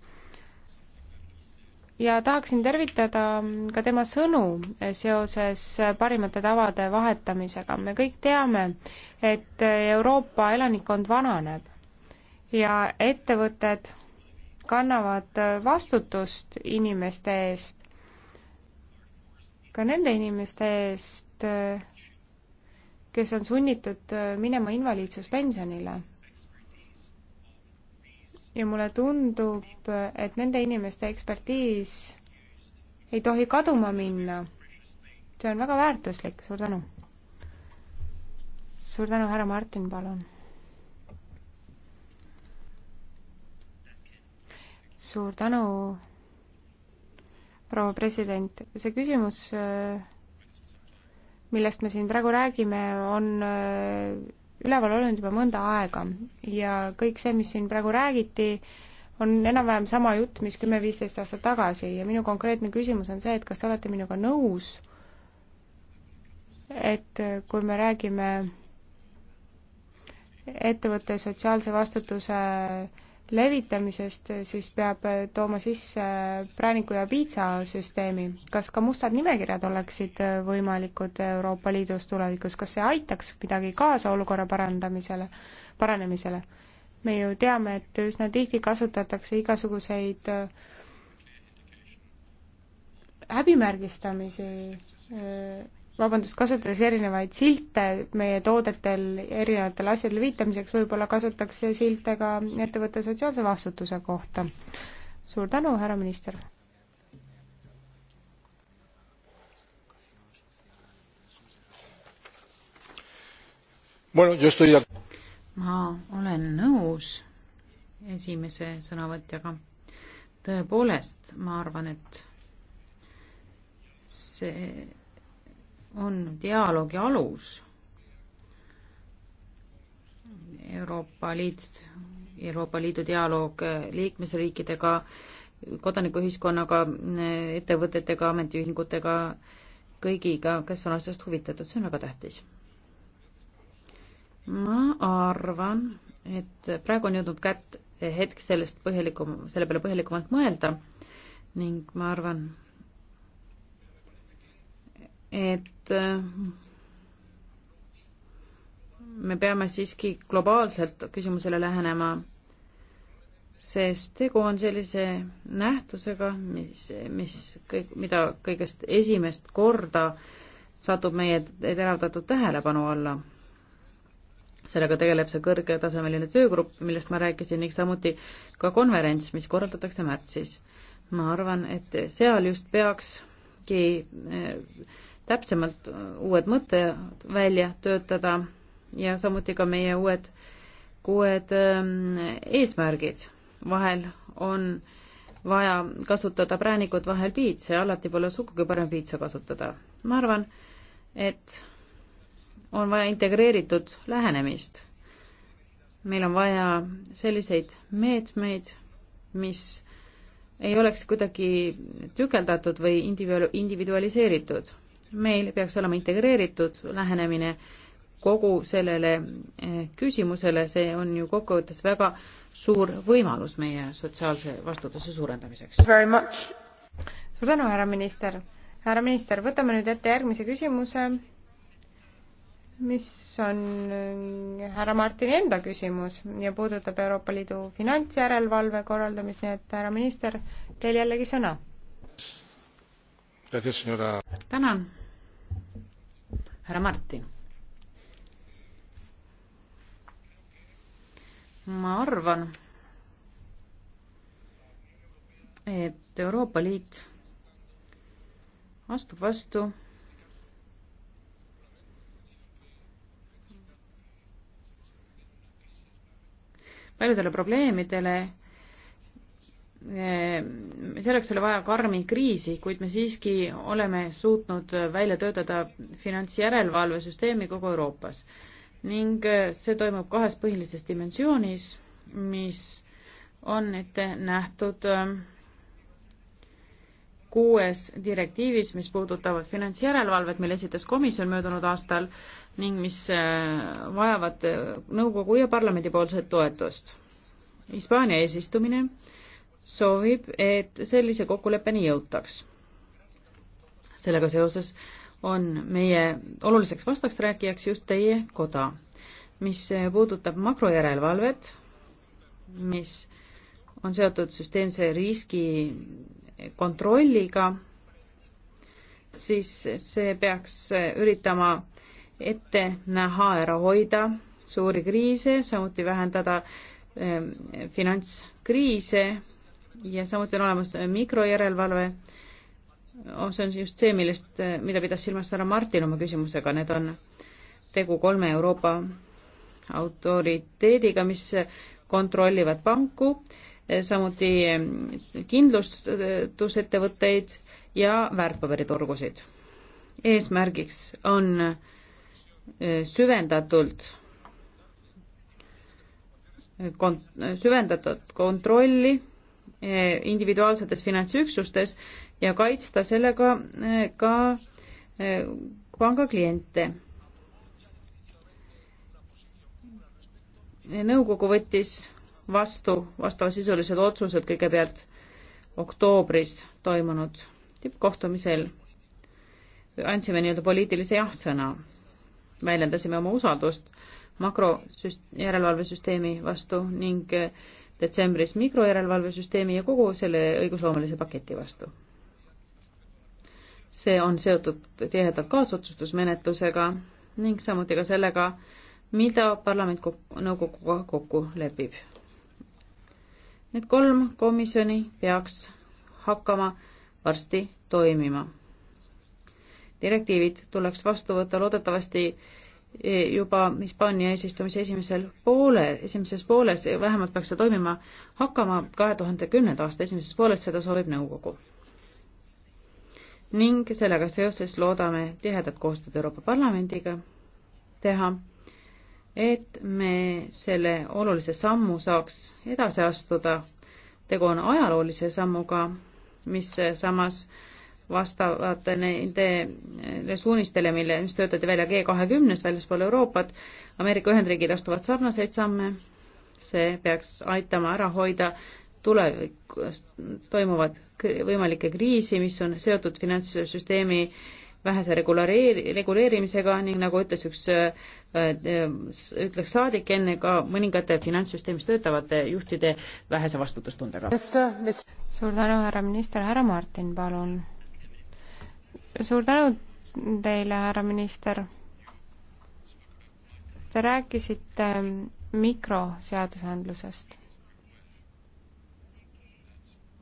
ja tahaksin tervitada ka tema sõnu seoses parimate tavade vahetamisega. me kõik teame, et Euroopa elanikkond vananeb ja ettevõtted kannavad vastutust inimeste eest, ka nende inimeste eest, kes on sunnitud minema invaliidsuspensionile ja mulle tundub, et nende inimeste ekspertiis ei tohi kaduma minna. see on väga väärtuslik, suur tänu. suur tänu, härra Martin, palun. suur tänu, proua president, see küsimus, äh, millest me siin praegu räägime, on äh, üleval olnud juba mõnda aega ja kõik see, mis siin praegu räägiti, on enam-vähem sama jutt, mis kümme-viisteist aastat tagasi ja minu konkreetne küsimus on see, et kas te olete minuga nõus, et kui me räägime ettevõtte sotsiaalse vastutuse äh, levitamisest, siis peab tooma sisse prääniku ja piitsa süsteemi. kas ka mustad nimekirjad oleksid võimalikud Euroopa Liidus tulevikus, kas see aitaks midagi kaasa olukorra parandamisele, paranemisele? me ju teame, et üsna tihti kasutatakse igasuguseid äh, häbimärgistamisi äh, vabandust, kasutades erinevaid silte meie toodetel erinevatele asjadele viitamiseks, võib-olla kasutaks silte ka ettevõtte sotsiaalse vastutuse kohta. suur tänu, härra minister! ma olen nõus esimese sõnavõtjaga. tõepoolest, ma arvan, et see on dialoogi alus. Euroopa Liit, Euroopa Liidu dialoog liikmesriikidega, kodanikuühiskonnaga, ettevõtetega, ametiühingutega, kõigiga, kes on asjast huvitatud, see on väga tähtis. ma arvan, et praegu on jõudnud kätt hetk sellest põhjalikum, selle peale põhjalikumalt mõelda ning ma arvan, et äh, me peame siiski globaalselt küsimusele lähenema, sest tegu on sellise nähtusega, mis, mis kõik, mida kõigest esimest korda satub meie teravdatud tähelepanu alla. sellega tegeleb see kõrgetasemeline töögrupp, millest ma rääkisin, ning samuti ka konverents, mis korraldatakse märtsis. ma arvan, et seal just peakski äh, täpsemalt äh, uued mõtted välja töötada ja samuti ka meie uued, uued ähm, eesmärgid. vahel on vaja kasutada präänikut vahel piitsa ja alati pole sugugi parem piitsa kasutada. ma arvan, et on vaja integreeritud lähenemist. meil on vaja selliseid meetmeid, mis ei oleks kuidagi tükeldatud või individu-, individualiseeritud meil peaks olema integreeritud lähenemine kogu sellele eh, küsimusele, see on ju kokkuvõttes väga suur võimalus meie sotsiaalse vastutuse suurendamiseks. suur tänu, härra minister. härra minister, võtame nüüd ette järgmise küsimuse, mis on eh, härra Martini enda küsimus ja puudutab Euroopa Liidu finantsjärelevalve korraldamist, nii et härra minister, teil jällegi sõna tänan, härra Martin. ma arvan, et Euroopa Liit astub vastu paljudele probleemidele, Eh, selleks oli vaja karmi kriisi, kuid me siiski oleme suutnud välja töötada finantsjärelevalvesüsteemi kogu Euroopas. ning eh, see toimub kahes põhilises dimensioonis, mis on ette nähtud eh, kuues direktiivis, mis puudutavad finantsjärelevalvet, mille esitas komisjon möödunud aastal ning mis vajavad nõukogu ja parlamendi poolset toetust. Hispaania eesistumine äh, soovib, et sellise kokkuleppeni jõutaks. sellega seoses on meie oluliseks vastasrääkijaks just teie koda, mis puudutab makrojärelevalvet, mis on seotud süsteemse riski kontrolliga, siis see peaks üritama ette näha, ära hoida suuri kriise, samuti vähendada ehm, finantskriise ja samuti on olemas äh, mikrojärelevalve, oh, see on just see, millest, äh, mida pidas silmas härra Martin oma küsimusega, need on tegu kolme Euroopa autoriteediga, mis äh, kontrollivad panku, samuti kindlustusettevõtteid ja väärtpaberiturgusid. eesmärgiks on süvendatult kont-, süvendatud kontrolli Eh, individuaalsetes finantsüksustes ja kaitsta sellega eh, ka eh, panga kliente. nõukogu võttis vastu vastavasisulised otsused kõigepealt oktoobris toimunud tippkohtumisel. andsime nii-öelda poliitilise jah-sõna, väljendasime oma usaldust makrosüst-, järelevalvesüsteemi vastu ning äh, detsembris mikrojärelevalvesüsteemi ja kogu selle õigusloomelise paketi vastu. see on seotud tihedalt kaasotsustusmenetlusega ning samuti ka sellega, mida parlament nõukoguga kokku lepib. Need kolm komisjoni peaks hakkama varsti toimima. direktiivid tuleks vastu võtta loodetavasti E, juba Hispaania eesistumise esimesel poole, esimeses pooles, e, vähemalt peaks see toimima hakkama kahe tuhande kümnenda aasta esimeses pooles, seda soovib nõukogu. ning sellega seoses loodame tihedat koostööd Euroopa Parlamendiga teha, et me selle olulise sammu saaks edasi astuda. tegu on ajaloolise sammuga, mis samas äh, vastavate nendele suunistele, mille, mis töötati välja G kahekümnes väljaspool Euroopat, Ameerika Ühendriigid astuvad sarnaseid samme, see peaks aitama ära hoida tulevikus toimuvat võimalikke kriisi, mis on seotud finantssüsteemi vähese reguleeri-, reguleerimisega ning nagu ütles üks äh,, ütleks saadik enne ka mõningate finantssüsteemis töötavate juhtide vähese vastutustundega. suur tänu, härra minister, härra Martin, palun suur tänu teile, härra minister. Te rääkisite ähm, mikroseadusandlusest.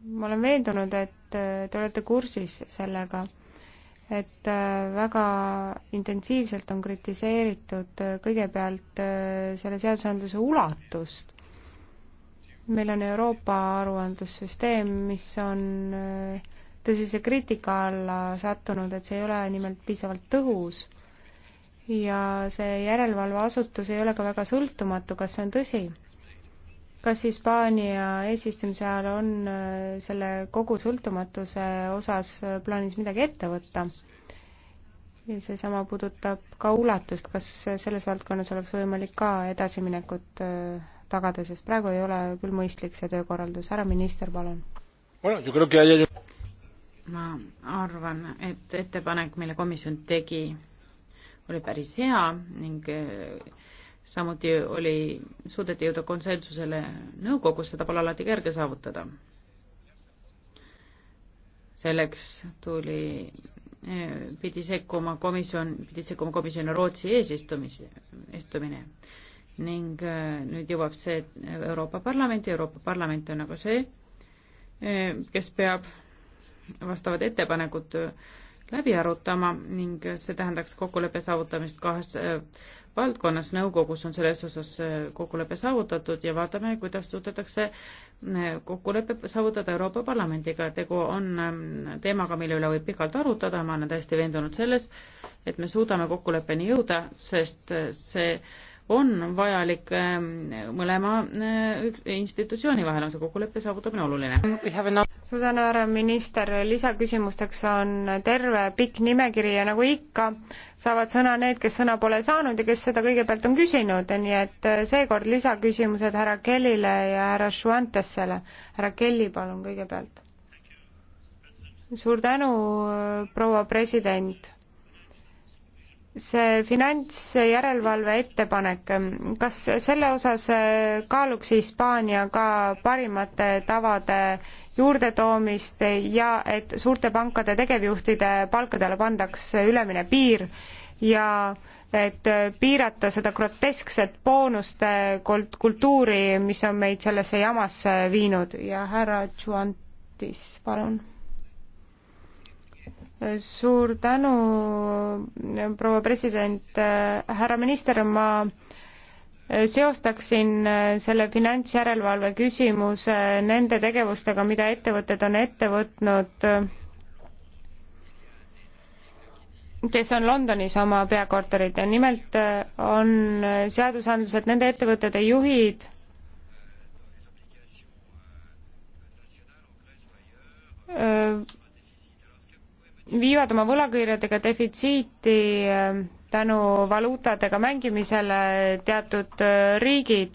ma olen veendunud, et äh, te olete kursis sellega, et äh, väga intensiivselt on kritiseeritud äh, kõigepealt selle seadusandluse ulatust. meil on Euroopa aruandlussüsteem, mis on äh, tõsise kriitika alla sattunud, et see ei ole nimelt piisavalt tõhus. ja see järelevalveasutus ei ole ka väga sõltumatu, kas see on tõsi? kas Hispaania eesistumise ajal on äh, selle kogu sõltumatuse osas äh, plaanis midagi ette võtta? ja seesama puudutab ka ulatust, kas selles valdkonnas oleks võimalik ka edasiminekut äh, tagada, sest praegu ei ole küll mõistlik see töökorraldus, härra minister, palun ma arvan, et ettepanek, mille komisjon tegi, oli päris hea ning äh, samuti oli, suudeti jõuda konsensusele nõukogus, seda pole alati kerge saavutada. selleks tuli, äh, pidi sekkuma komisjon, pidi sekkuma komisjoni Rootsi eesistumise, istumine ning äh, nüüd jõuab see Euroopa Parlamenti, Euroopa Parlament on aga nagu see, kes peab vastavad ettepanekud äh, läbi arutama ning see tähendaks kokkuleppe saavutamist kahes äh, valdkonnas, nõukogus on selles osas äh, kokkulepe saavutatud ja vaatame, kuidas suudetakse kokkulepe saavutada Euroopa Parlamendiga, tegu on ähm, teemaga, mille üle võib pikalt arutada, ma olen täiesti veendunud selles, et me suudame kokkuleppeni jõuda, sest see on vajalik ehm, mõlema eh, institutsiooni vahel, on see kokkuleppe saavutamine oluline. Um, suur tänu, härra minister, lisaküsimusteks on terve pikk nimekiri ja nagu ikka, saavad sõna need, kes sõna pole saanud ja kes seda kõigepealt on küsinud, nii et eh, seekord lisaküsimused härra Kellile ja härra Šuantessele. härra Kelly, palun kõigepealt. suur tänu, eh, proua president see finantsjärelevalve ettepanek, kas selle osas kaaluks Hispaania ka parimate tavade juurdetoomist ja et suurte pankade tegevjuhtide palkadele pandaks ülemine piir ja et piirata seda groteskset boonuste kultuuri, mis on meid sellesse jamasse viinud ja härra Tšuantis, palun suur tänu, proua president, härra minister, ma seostaksin selle finantsjärelevalve küsimuse nende tegevustega, mida ettevõtted on ette võtnud, kes on Londonis oma peakorterid ja nimelt on seadusandlused nende ettevõtete juhid öö, viivad oma võlakirjadega defitsiiti äh, tänu valuutadega mängimisele teatud äh, riigid.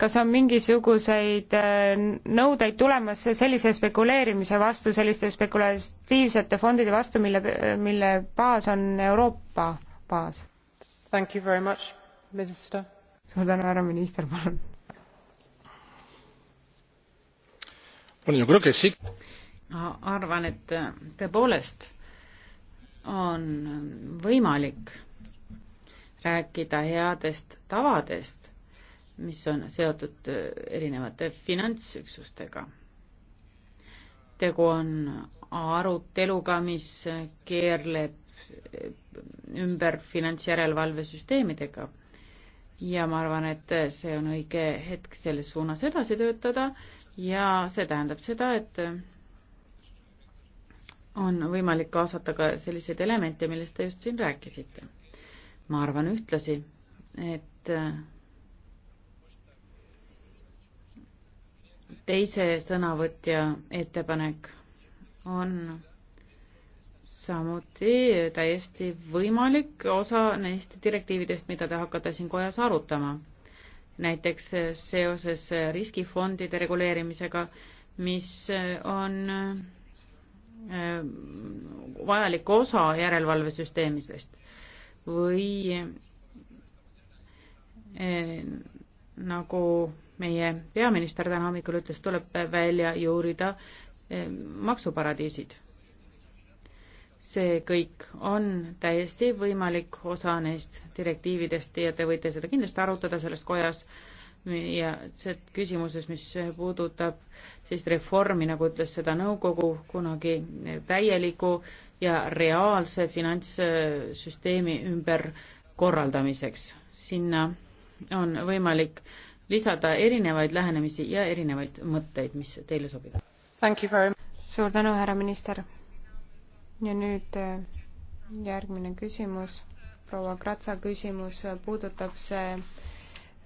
kas on mingisuguseid äh, nõudeid tulemas sellise spekuleerimise vastu, selliste spekulatiivsete fondide vastu, mille, mille baas on Euroopa baas? suur tänu, härra minister, palun arvan, et tõepoolest on võimalik rääkida headest tavadest, mis on seotud erinevate finantsüksustega. tegu on aruteluga, mis keerleb ümber finantsjärelevalvesüsteemidega ja ma arvan, et see on õige hetk selles suunas edasi töötada ja see tähendab seda, et on võimalik kaasata ka selliseid elemente, millest te just siin rääkisite. ma arvan ühtlasi, et äh, teise sõnavõtja ettepanek on samuti täiesti võimalik osa neist direktiividest, mida te hakkate siin kojas arutama. näiteks seoses riskifondide reguleerimisega, mis on Äh, vajalik osa järelevalvesüsteemidest või äh, nagu meie peaminister täna hommikul ütles, tuleb välja juurida äh, maksuparadiisid. see kõik on täiesti võimalik osa neist direktiividest ja te võite seda kindlasti arutada selles kojas ja see küsimuses, mis puudutab siis reformi, nagu ütles seda nõukogu kunagi, eh, täieliku ja reaalse finantssüsteemi ümberkorraldamiseks. sinna on võimalik lisada erinevaid lähenemisi ja erinevaid mõtteid, mis teile sobivad. suur tänu, härra minister. ja nüüd eh, järgmine küsimus, proua Kratsa küsimus, puudutab see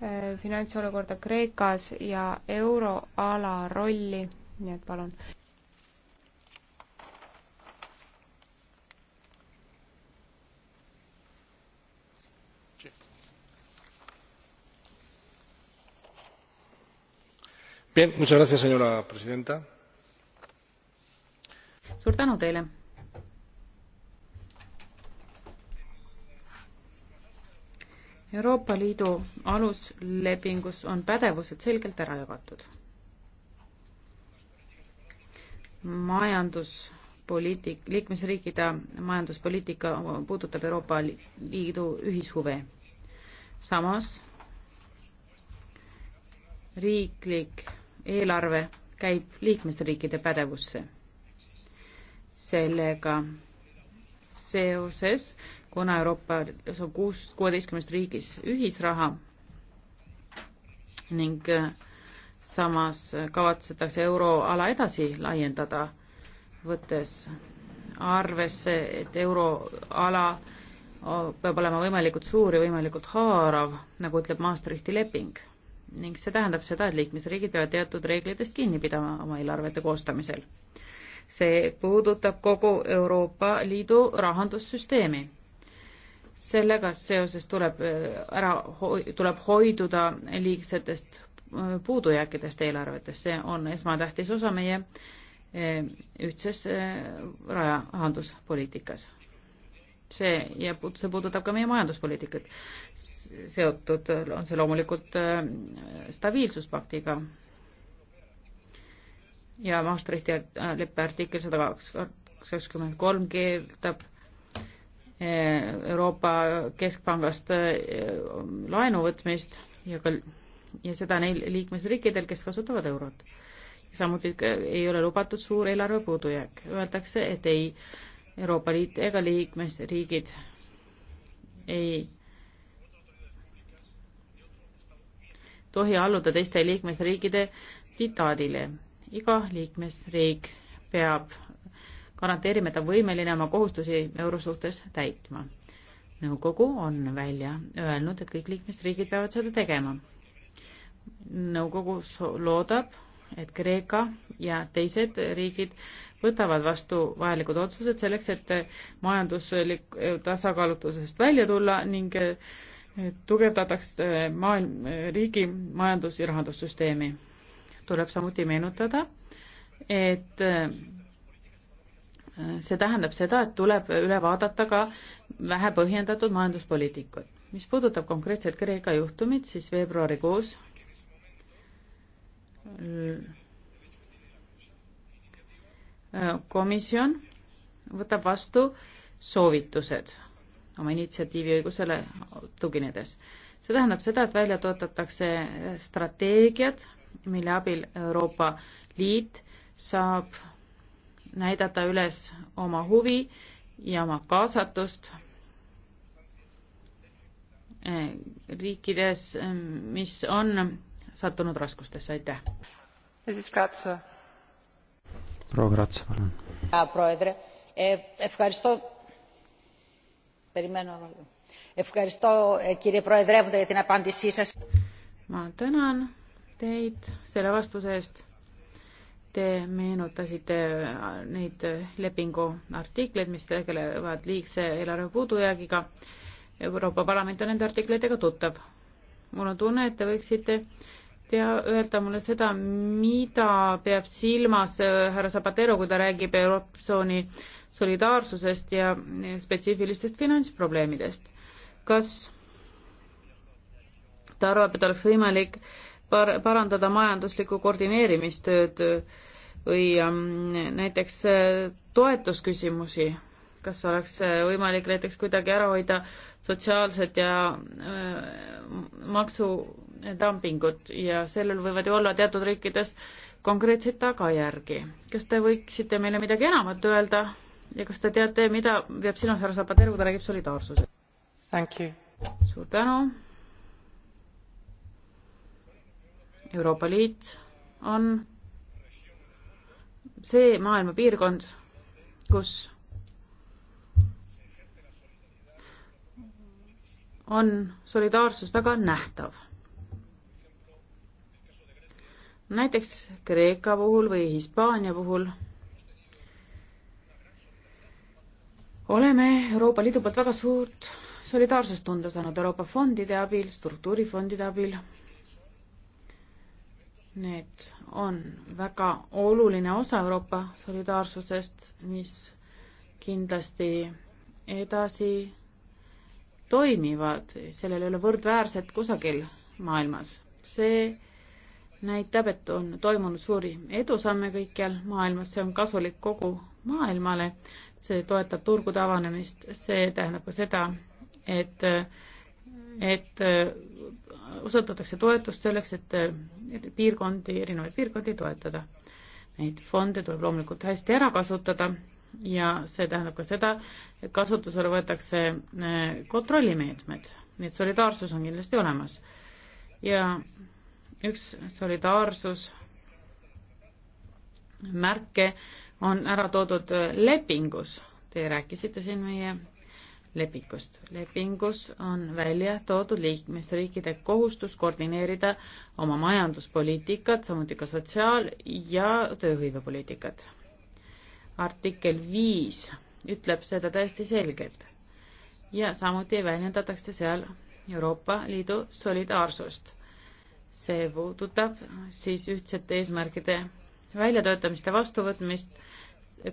Äh, finantsolukorda Kreekas ja euroala rolli, nii et palun. Bien, muchas gracias, señora presidenta. suur tänu teile. Euroopa Liidu aluslepingus on pädevused selgelt ära jagatud. majanduspoliitik, liikmesriikide majanduspoliitika puudutab Euroopa Liidu ühishuve. samas riiklik eelarve käib liikmesriikide pädevusse. sellega seoses kuna Euroopas on kuus, kuueteistkümnes riigis ühisraha ning äh, samas kavatsetakse euroala edasi laiendada, võttes arvesse, et euroala peab olema võimalikult suur ja võimalikult haarav, nagu ütleb Maastrichti leping. ning see tähendab seda, et liikmesriigid peavad teatud reeglitest kinni pidama oma eelarvete koostamisel. see puudutab kogu Euroopa Liidu rahandussüsteemi sellega seoses tuleb äh, ära, tuleb hoiduda liigsetest äh, puudujääkidest eelarvetes, see on esmatähtis osa meie äh, ühtses rahanduspoliitikas. see ja see puudutab ka meie majanduspoliitikat. seotud on see loomulikult stabiilsuspaktiga ja Maastrichti leppe artikkel sada kaks, kakskümmend kolm keeldab Eh, Euroopa Keskpangast eh, laenu võtmist ja ka ja seda neil liikmesriikidel, kes kasutavad eurot. samuti eh, ei ole lubatud suur eelarve puudujääk. Öeldakse, et ei Euroopa Liit ega liikmesriigid ei tohi alluda teiste liikmesriikide diktaadile. iga liikmesriik peab garanteerime, et ta on võimeline oma kohustusi euro suhtes täitma. nõukogu on välja öelnud, et kõik liikmesriigid peavad seda tegema. nõukogu loodab, et Kreeka ja teised riigid võtavad vastu vajalikud otsused selleks, et majanduslik eh, tasakaalutusest välja tulla ning eh, tugevdataks eh, maailm, riigi majandus- ja rahandussüsteemi. tuleb samuti meenutada, et see tähendab seda, et tuleb üle vaadata ka vähe põhjendatud majanduspoliitikud. mis puudutab konkreetselt Kreeka juhtumit, siis veebruarikuus komisjon võtab vastu soovitused oma initsiatiiviõigusele tuginedes. see tähendab seda, et välja töötatakse strateegiad, mille abil Euroopa Liit saab näidata üles oma huvi ja oma kaasatust eh, riikides, eh, mis on sattunud raskustesse, aitäh. proua Kratsa, palun. Eh, ma tänan teid selle vastuse eest Te meenutasite äh, neid äh, lepingu artikleid, mis tegelevad liigse eelarve puudujäägiga. Euroopa Parlament on nende artiklitega tuttav. mul on tunne, et te võiksite tea, öelda mulle seda, mida peab silmas äh, härra Zapatero, kui ta räägib Eurotsooni solidaarsusest ja spetsiifilistest finantsprobleemidest. kas ta arvab, et oleks võimalik par-, parandada majanduslikku koordineerimistööd äh, või ähm, näiteks äh, toetusküsimusi, kas oleks äh, võimalik näiteks kuidagi ära hoida sotsiaalset ja äh, maksudumpingut ja sellel võivad ju olla teatud riikides konkreetseid tagajärgi. kas te võiksite meile midagi enamat öelda ja kas te teate, mida peab sinu härra Zapatero, kui ta räägib solidaarsusest? suur tänu. Euroopa Liit on see maailma piirkond, kus on solidaarsus väga nähtav. näiteks Kreeka puhul või Hispaania puhul oleme Euroopa Liidu poolt väga suurt solidaarsust tunda saanud Euroopa fondide abil, struktuurifondide abil Need on väga oluline osa Euroopa solidaarsusest, mis kindlasti edasi toimivad, sellel ei ole võrdväärset kusagil maailmas. see näitab, et on toimunud suuri edusamme kõikjal maailmas, see on kasulik kogu maailmale, see toetab turgude avanemist, see tähendab ka seda, et, et osutatakse toetust selleks, et piirkondi, erinevaid piirkondi toetada. Neid fonde tuleb loomulikult hästi ära kasutada ja see tähendab ka seda, et kasutusele võetakse äh, kontrollimeetmed, nii et solidaarsus on kindlasti olemas. ja üks solidaarsus märke on ära toodud äh, lepingus, te rääkisite siin meie lepingust. lepingus on välja toodud liikmesriikide kohustus koordineerida oma majanduspoliitikat, samuti ka sotsiaal- ja tööhõivepoliitikat. artikkel viis ütleb seda täiesti selgelt ja samuti väljendatakse seal Euroopa Liidu solidaarsust. see puudutab siis ühtsete eesmärkide väljatöötamist ja vastuvõtmist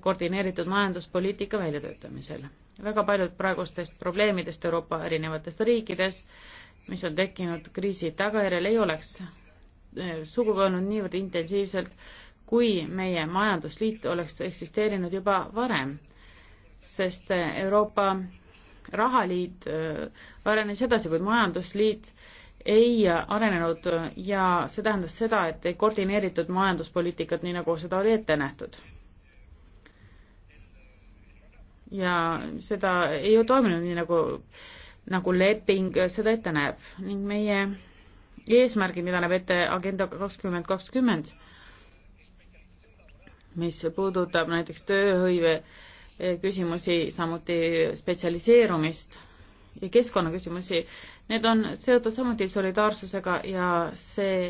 koordineeritud majanduspoliitika väljatöötamisel. väga paljud praegustest probleemidest Euroopa erinevates riikides, mis on tekkinud kriisi tagajärjel, ei oleks eh, sugugi olnud niivõrd intensiivselt, kui meie majandusliit oleks eksisteerinud juba varem, sest eh, Euroopa rahaliit eh, arenes edasi, kuid majandusliit ei arenenud ja see tähendas seda, et ei koordineeritud majanduspoliitikat, nii nagu seda oli ette nähtud ja seda ei ole toimunud nii nagu, nagu leping seda ette näeb ning meie eesmärgid, mida näeb ette Agenda kakskümmend kakskümmend, mis puudutab näiteks tööhõive eh, küsimusi, samuti spetsialiseerumist ja keskkonnaküsimusi, need on seotud samuti solidaarsusega ja see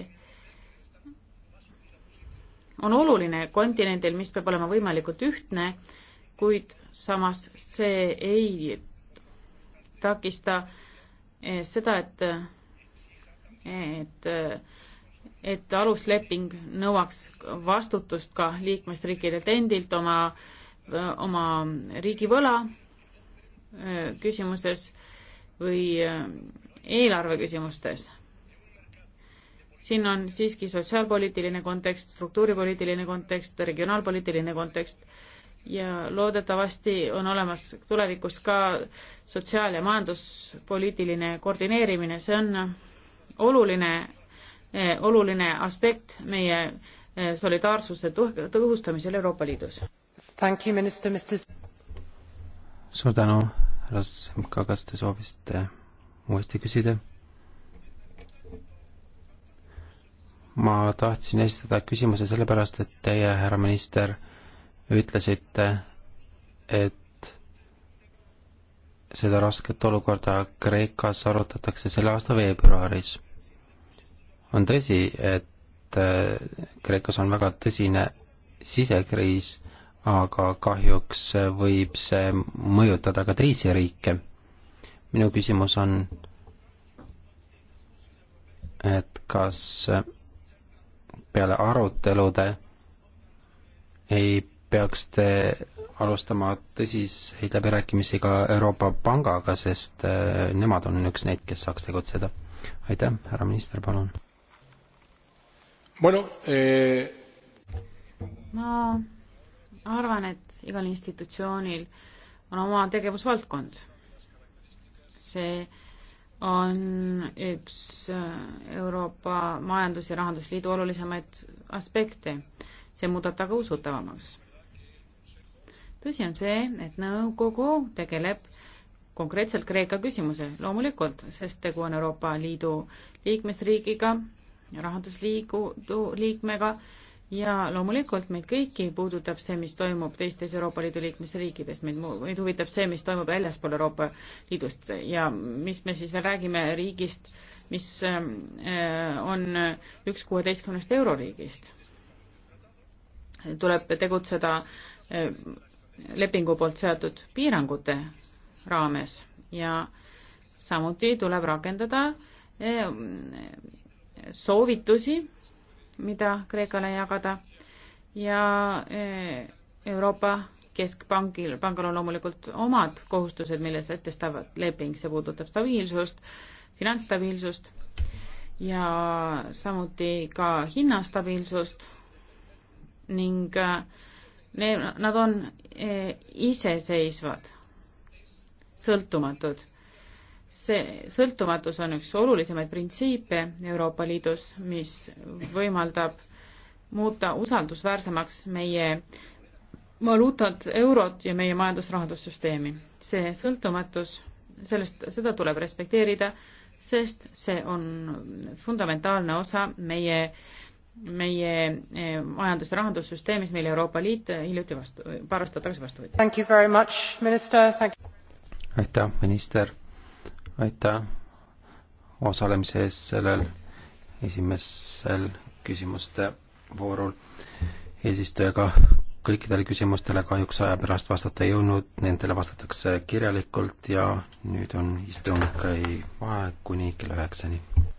on oluline kontinendil, mis peab olema võimalikult ühtne, kuid samas see ei takista eh, seda, et, et, et alusleping nõuaks vastutust ka liikmesriikidelt endilt oma, oma riigivõla eh, küsimuses või eh, eelarve küsimustes. siin on siiski sotsiaalpoliitiline kontekst, struktuuripoliitiline kontekst, regionaalpoliitiline kontekst ja loodetavasti on olemas tulevikus ka sotsiaal- ja majanduspoliitiline koordineerimine, see on oluline, eh, oluline aspekt meie eh, solidaarsuse tõhustamisel Euroopa Liidus. suur tänu, härra Semka, kas te soovisite uuesti küsida? ma tahtsin esitada küsimuse sellepärast, et teie, härra minister, ütlesite, et seda rasket olukorda Kreekas arutatakse selle aasta veebruaris. on tõsi, et äh, Kreekas on väga tõsine sisekriis, aga kahjuks võib see mõjutada ka teisi riike. minu küsimus on, et kas peale arutelude ei peaks te alustama tõsiseid läbirääkimisi ka Euroopa Pangaga, sest äh, nemad on üks neid, kes saaks tegutseda. aitäh, härra minister, palun bueno,. Eh... ma arvan, et igal institutsioonil on oma tegevusvaldkond. see on üks äh, Euroopa Majandus- ja Rahandusliidu olulisemaid aspekte. see muudab ta ka usutavamaks tõsi on see, et nõukogu tegeleb konkreetselt Kreeka küsimuse, loomulikult, sest tegu on Euroopa Liidu liikmesriigiga, rahandusliidu liikmega ja loomulikult meid kõiki puudutab see, mis toimub teistes Euroopa Liidu liikmesriikides, meid, meid huvitab see, mis toimub väljaspool Euroopa Liidust ja mis me siis veel räägime riigist, mis ähm, äh, on üks kuueteistkümnest euroriigist. tuleb tegutseda äh, lepingu poolt seatud piirangute raames ja samuti tuleb rakendada eh, soovitusi, mida Kreekale jagada ja eh, Euroopa Keskpangil, pangal on loomulikult omad kohustused, milles sätestavad leping, see puudutab stabiilsust, finantsstabiilsust ja samuti ka hinnastabiilsust ning äh, Nad on eh, iseseisvad, sõltumatud. see sõltumatus on üks olulisemaid printsiipe Euroopa Liidus, mis võimaldab muuta usaldusväärsemaks meie valuutad, eurot ja meie majandus-rahandussüsteemi. see sõltumatus, sellest, seda tuleb respekteerida, sest see on fundamentaalne osa meie äh, meie eh, majandus- ja rahandussüsteemis, mille Euroopa Liit hiljuti vastu, paar aastat tagasi vastu võttis. aitäh, minister, aitäh osalemise eest sellel esimesel küsimuste voorul eesistujaga kõikidele küsimustele kahjuks aja pärast vastata ei jõudnud, nendele vastatakse kirjalikult ja nüüd on istung vahe kuni kella üheksani.